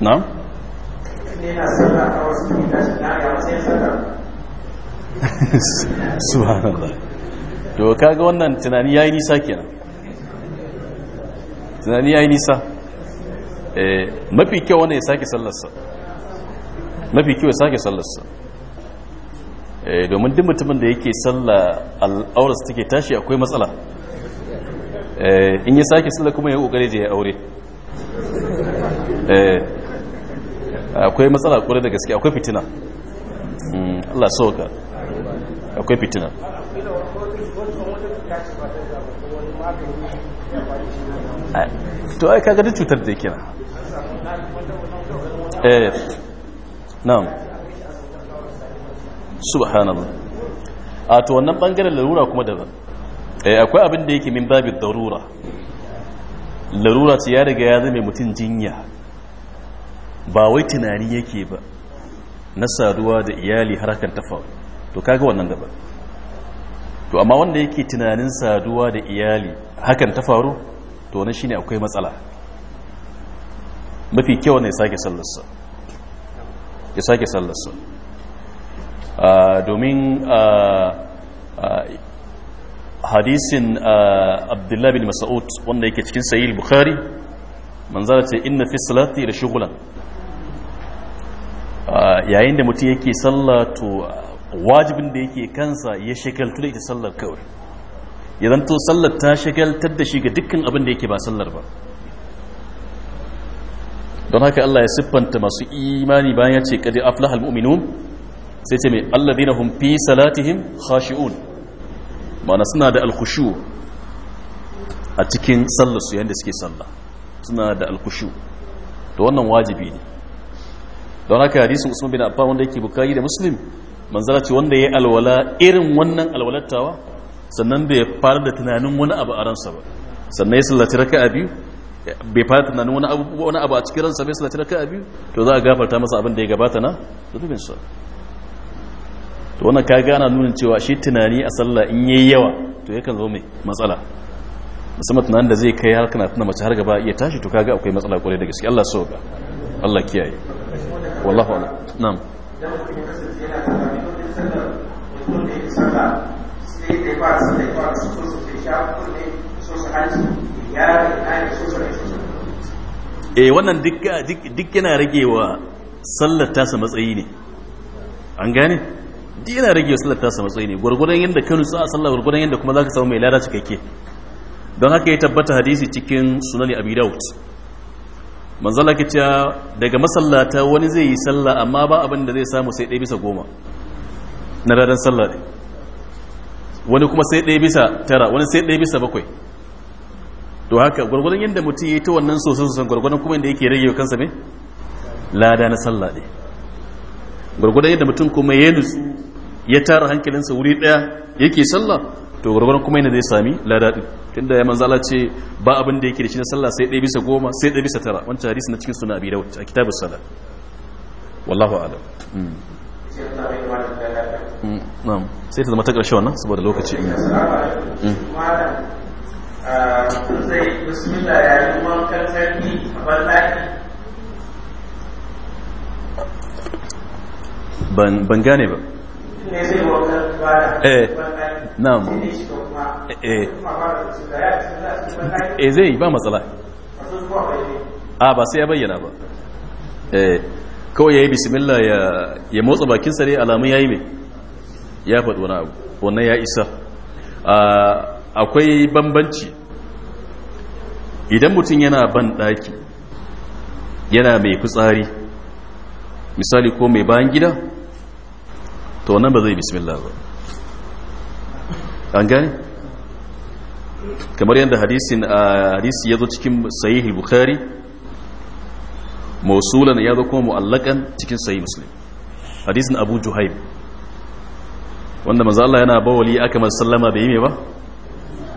na? subhanallah to kaga wannan tunani yayi nisa kenan tunani yayi nisa eh mafi kyau wannan ya sake sallarsa mafi kyau ya sake sallarsa eh domin duk mutumin da yake al'aura su take tashi akwai matsala eh in ya sake salla kuma ya kokare je ya aure eh akwai matsala kore da gaske akwai fitina hmm, Allah soka akwai fitina to ai kaga duk cutar da yake na eh na'am subhanallah a to wannan bangaren larura kuma da eh akwai abin da yake min babin darura larura ce ya riga ya zama mutum jinya ba wai tunani yake ba na saduwa da iyali harakan ta faru to kaga wannan daban to amma wanda yake tunanin saduwa da iyali hakan ta faru to na shine akwai matsala mafi kyau ne ya sake sallarsa ya sake sallarsa ah, domin ah, ah, hadisin abdullahi bin mas'ud wanda yake cikin sayi bukhari manzara ce inna fi salati da shugulan yayin da mutum yake sallatu to wajibin da yake kansa ya shekaltu da ita sallar kawai ya zanto sallar ta shagaltar da shi ga dukkan abin da yake ba sallar ba don haka Allah ya siffanta masu imani bayan ya ce kadi aflahal mu'minun sai ce mai alladhina hum fi salatihim khashi'un ma'ana suna da alkhushu a cikin sallar su yanda suke sallah suna da alkhushu to wannan wajibi ne don haka hadisin Usman bin Affan wanda yake Bukhari da Muslim manzara ce wanda ya alwala irin wannan alwalattawa sannan bai fara da tunanin wani abu a ransa ba sannan ya sallaci a biyu bai fara tunanin wani abu wani abu a cikin ransa bai sallaci a biyu to za a gafarta masa abin da ya gabata na zunubin sa to wannan ka gana nunin cewa shi tunani a sallah in yayi yawa to yakan zo mai matsala musamman tunanin da zai kai har kana tuna mace har gaba iya tashi to kaga akwai matsala kwarai da gaske Allah so Allah kiyaye wallahu a'lam na'am sai eh wannan duk yana rage wa sallar tasa matsayi ne an gane duk yana rage wa sallar tasa matsayi ne gwargwadon yadda ka nutsu a sallar gwargwadon yadda kuma za ka samu mai lada cikakke don haka ya tabbata hadisi cikin sunan abu daud manzala ka cewa daga masallata wani zai yi sallah amma ba abin da zai samu sai ɗaya bisa goma na radar sallah ne wani kuma sai ɗaya bisa tara wani sai ɗaya bisa bakwai to haka gwargwadon yadda mutum ya yi ta wannan sosai sosai gwargwadon kuma yadda yake rage kansa ne lada na sallah ne gwargwadon yadda mutum kuma ya yi ya tara hankalinsa wuri ɗaya yake sallah to gwargwadon kuma yadda zai sami lada ɗin tunda ya manzala ce ba abin da yake da shi na sallah sai ɗaya bisa goma sai ɗaya bisa tara wancan hadisi na cikin suna abi dawud a kitabus sala wallahu a'lam hmm. Mm, na'am sai ta zama ta ƙarshe wannan saboda lokaci in mm. ah, zai a ban gane ba eh na'am eh, zai ba matsala a ba sai ya bayyana ba eh, kawai kawai yi bismillah ya ya motsa bakin sa ne ya yi mai ya faɗi wani abu wannan ya isa akwai bambanci idan mutum yana ban ɗaki yana mai fitsari misali ko mai bayan gida to nan ba zai bismillah ba an gane kamar yadda hadisin a hadisi ya zo cikin sahihi bukhari mausulan ya zo kuma mu'allakan cikin sahihi muslim hadisin abu juhaib wanda maza Allah yana bawali aka masu sallama bai yi mai ba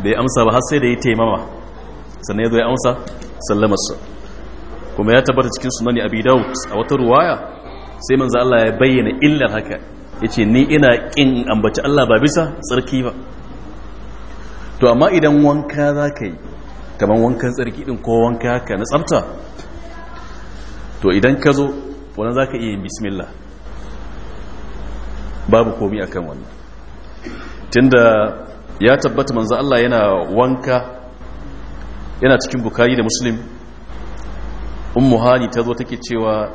bai amsa ba har sai da ya taimama sannan ya zo ya amsa sallamarsa kuma ya tabbata cikin sunani abi daud a wata ruwaya sai manza Allah ya bayyana illar haka ce ni ina kin ambaci Allah ba bisa tsarki ba to amma idan wanka zaka yi kaman wankan tsarki din ko wanka haka na tsafta to idan ka zo wannan zaka iya yin bismillah babu komi akan wannan tunda ya tabbata manzo Allah yana wanka yana cikin bukari da muslim ummu hani ta zo take cewa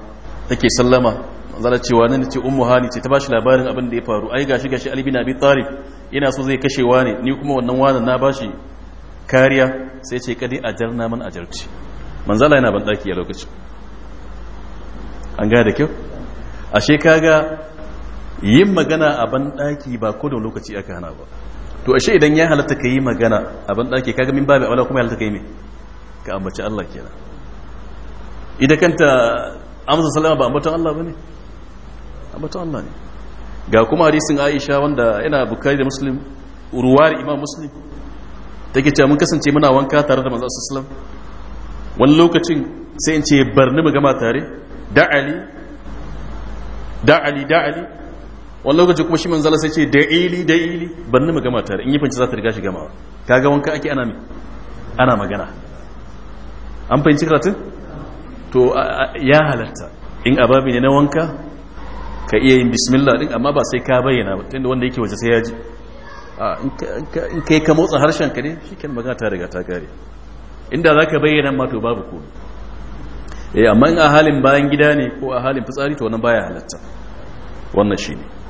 take sallama zala cewa nan ce ummu hani ce ta bashi labarin abin da ya faru ai gashi gashi ali bin abi tsari yana so zai kashe wani ni kuma wannan wani na bashi kariya sai ce kadi jarna man jarci manzala yana ban daki a lokacin an gane da kyau ashe kaga yin magana a banɗaki ba ko da lokaci aka hana ba to ashe idan ya halatta ka yi magana a banɗaki kaga min babu aula kuma ya halatta ka yi me ka ambaci Allah kenan ida kanta amsa salama ba ambaton Allah bane ambaton Allah ne ga kuma hadisin Aisha wanda yana bukari da Muslim ruwar Imam Muslim take cewa mun kasance muna wanka tare da manzo Sallam. wani lokacin sai in ce barni mu gama tare da Ali da Ali da Ali wani lokaci kuma shi manzala sai ce da ili da ili ban ni magama tare in yi fahimci za ta riga shi gamawa kaga wanka ake ana ana magana an fahimci karatun to ya halarta in ababi ne na wanka ka iya yin bismillah din amma ba sai ka bayyana ba tunda wanda yake waje sai ya ji in kai ka motsa harshen ka ne shi kan magana ta riga ta kare inda za ka bayyana ma to babu komai eh amma in a halin bayan gida ne ko a halin fitsari to wannan baya halatta wannan shine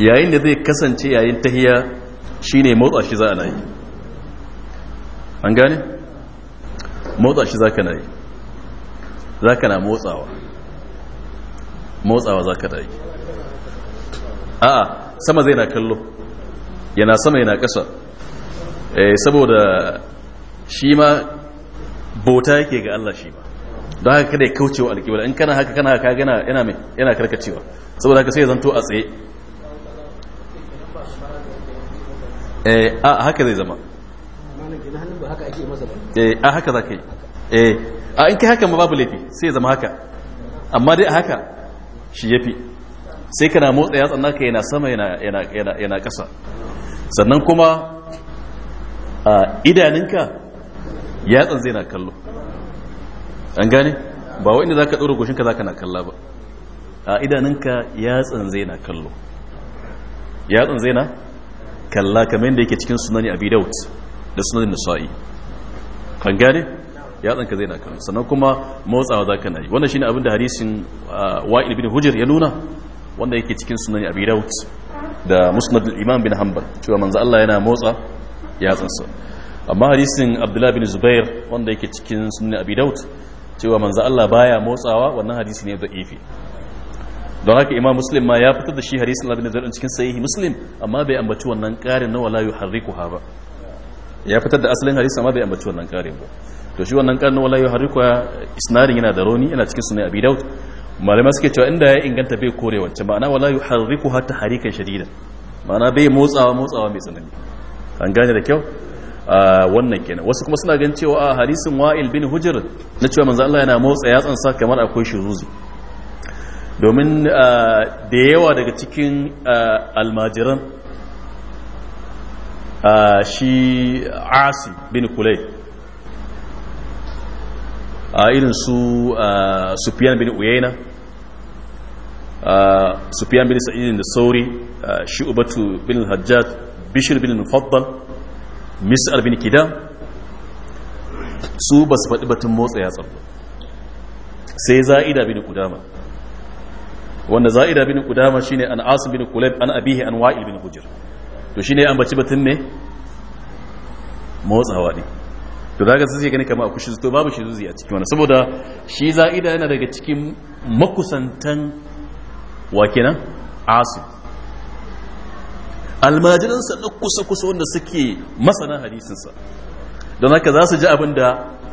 yayin da zai kasance yayin tahiya shine motsa shi za a yi an gane motsa shi za ka na yi za ka na motsawa motsawa za ka na yi a'a sama zai na kallo yana sama yana ƙasa eh, saboda shi ma bota yake ga Allah shi ma don haka kada ya kaucewa alƙibla in kana haka kana haka yana mai yana karkacewa saboda haka sai ya zanto a tsaye Eh, a haka zai zama eh, a haka za ka yi eh, a in kai haka ma babu laifi sai ya zama haka amma dai a haka shi ya fi sai kana motsa ya tsanna ka yana sama yana ƙasa sannan kuma a idaninka ya tsan zai na kallo an gane ba wa'inda za ka ɗora goshinka za ka na kalla ba a idaninka ya tsan zai na kallo ya tsan zai na kalla kamar yadda yake cikin sunani abi daud da sunanin nasa'i kan gane ya tsanka zai na kan sannan kuma motsawa za ka na yi wannan shine abin da hadisin ah, wa'il bin hujjar ya nuna wanda yake cikin sunani abi daud da musnad imam bin hanbal cewa manzo Allah yana motsa ya tsansa amma hadisin abdullahi bin zubair wanda yake cikin sunani abi daud cewa manzo Allah baya motsawa wannan hadisi ne da'ifi don haka imam muslim ma ya fitar da shi hadisin labin da zarin cikin sahihi muslim amma bai ambaci wannan ƙarin na walayu wala ha ba ya fitar da asalin hadisin amma bai ambaci wannan ƙarin ba to shi wannan ƙarin na walayu wala yuharrikuha isnadin yana da rauni yana cikin sunan abi daud malamai suke cewa inda ya inganta bai kore wancan ma'ana walayu wala yuharrikuha tahrikan shadidan ma'ana bai motsawa motsawa mai tsanani an gane da kyau wannan kenan wasu kuma suna gan cewa a hadisin wa'il bin hujr na cewa manzo Allah yana motsa yatsan sa kamar akwai shuruzi domin ah, da yawa daga cikin ah, almajiran ah, shi asi bin kulai a irin su sufiyan bin uyaina sufiyan bin sa'idin da sauri shi ubatu bin hajjat bishir bin mufaddal mis'al bin kidan su ba su faɗi batun motsa yatsa sai za'ida bin kudama wanda za'ida bin kudama shine an asu bin kulab an abihi an wa'il bin hujr to shine an bace batun ne motsawa ne to daga sai gani kamar a shi to babu shi zuzi a cikin wannan saboda shi za'ida yana daga cikin makusantan wa kenan asim almajiransa na kusa-kusa wanda suke masana hadisinsa don haka za su ji abin da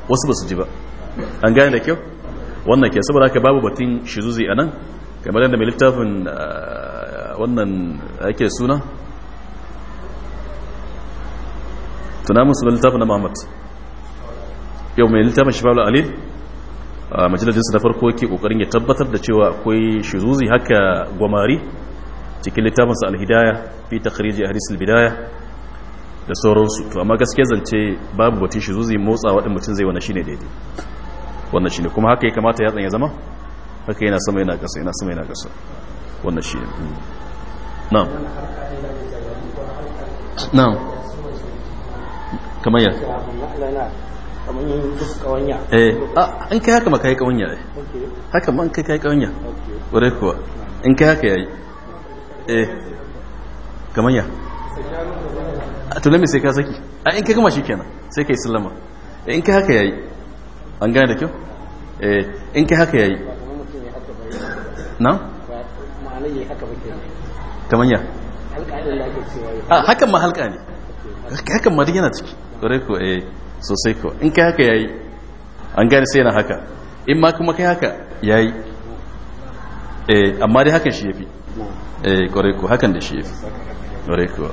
wasu ba su ji ba an gane da kyau wannan ke saboda haka babu batun shizuzi a nan kamar yadda mai littafin ah, wannan ake suna tuna musu mai littafin na muhammad yau mai littafin shifa'ul alil a ah, majalisarsa na farko ke kokarin ya tabbatar da cewa akwai shizuzi haka gwamari cikin littafinsa alhidaya fi takhriji hadis albidaya da sauransu to amma gaskiya zance babu batun shizuzi motsawa din mutum zai wannan shine daidai wannan shine kuma haka ya kamata ya zama haka yana sama yana kasa yana sama yana kasa wannan shi ne hmm. na'am na'am kamar ya eh an kai haka maka yi kawanya ne eh. haka man kai kai kawanya wadai kuwa in kai haka yayi eh kamar ya a tulami sai ka saki a in kai kama shi kenan sai ka yi sulama in kai haka yayi an gane da kyau eh in kai haka yayi na? kamar ya ah, hakan ma halka ne hakan ma yana ciki ƙwarai ko eh sosai ko in kai haka yayi an gane sai na haka in ma kuma kai haka yayi eh amma dai hakan shi yafi eh kore ko hakan da shi yafi ƙwarai ko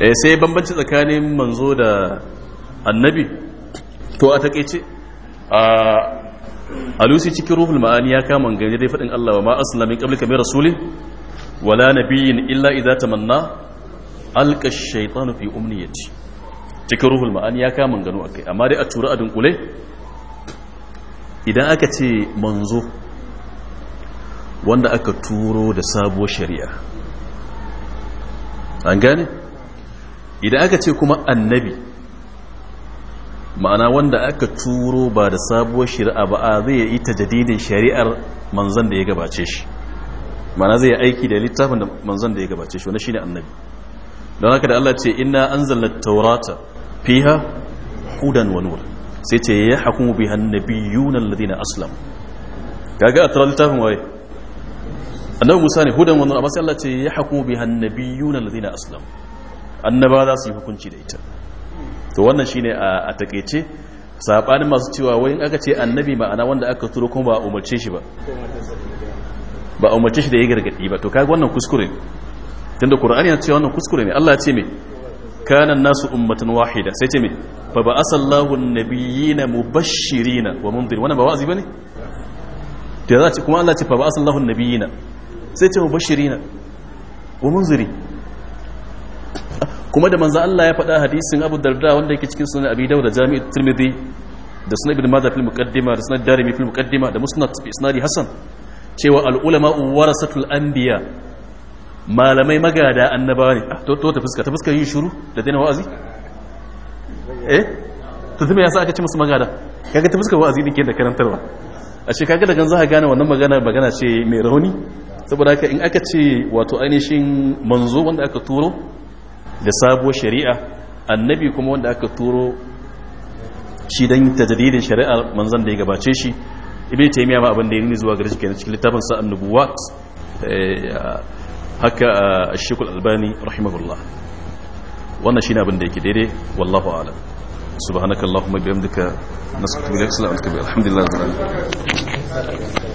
eh sai bambanci tsakanin manzo da annabi to a takeice a ah, alusi cikin ruhul ma'ani ya kama gani dai faɗin Allah wa ma asala min qablika rasuli rasulin wala nabiyyin illa idza tamanna alqa ash-shaytanu fi umniyati cikin ruhul ma'ani ya kama gano akai amma dai a tura a dunkule idan aka ce manzo wanda aka turo da sabuwar shari'a an gane idan aka ce kuma annabi ma'ana wanda aka turo ba da sabuwar shari'a ba a zai yi ta jadidin shari'ar manzan da ya gabace shi ma'ana zai yi aiki da littafin da manzan da ya gabace shi wani shine annabi don haka da Allah ce inna anzalna taurata fiha hudan wa nur sai ce ya hukumu biha annabiyuna alladhina aslamu kaga a tara littafin waye annabi Musa ne hudan wa nur amma sai Allah ce ya hukumu biha annabiyuna alladhina aslamu annaba za su yi hukunci da ita to wannan shine a takeice sabanin masu cewa wai in aka ce annabi ma'ana wanda aka turo kuma ba umarce shi ba ba umarce shi da ya gargadi ba to kaga wannan kuskure ne tunda qur'ani ya ce wannan kuskure ne Allah ya ce me kana nasu ummatan wahida sai ce me fa ba'asallahu an-nabiyina mubashshirina wa mundhir wannan ba wazi bane to za ce kuma Allah ce fa ba'asallahu an-nabiyina sai ce mubashshirina wa munziri kuma da manzo Allah ya faɗa hadisin Abu Darda wanda yake cikin sunan Abi Dawud da Jami'u Tirmidhi da sunan Ibn Majah fil muqaddima da sunan Darimi fil muqaddima da musnad fi isnadi Hasan cewa al ulama warasatul anbiya malamai magada annabawa ne ah, to to ta fuska ta fuska yin shiru da dena wa'azi eh to zuma yasa aka ci musu magada kaga ta fuska wa'azi dake da karantarwa a ce kaga daga zaka gane wannan magana magana ce mai rauni saboda haka in aka ce wato ainihin manzo wanda aka turo da sabuwar shari'a annabi kuma wanda aka turo shi don tajadidin shari'a manzan da ya gabace shi ibn taymiya ma abin da ya zuwa gari shi kenan cikin littafin sa annubuwat eh, haka eh, ashikul albani rahimahullah wannan abin da yake daidai wallahu a'lam subhanakallahumma bihamdika alhamdulillah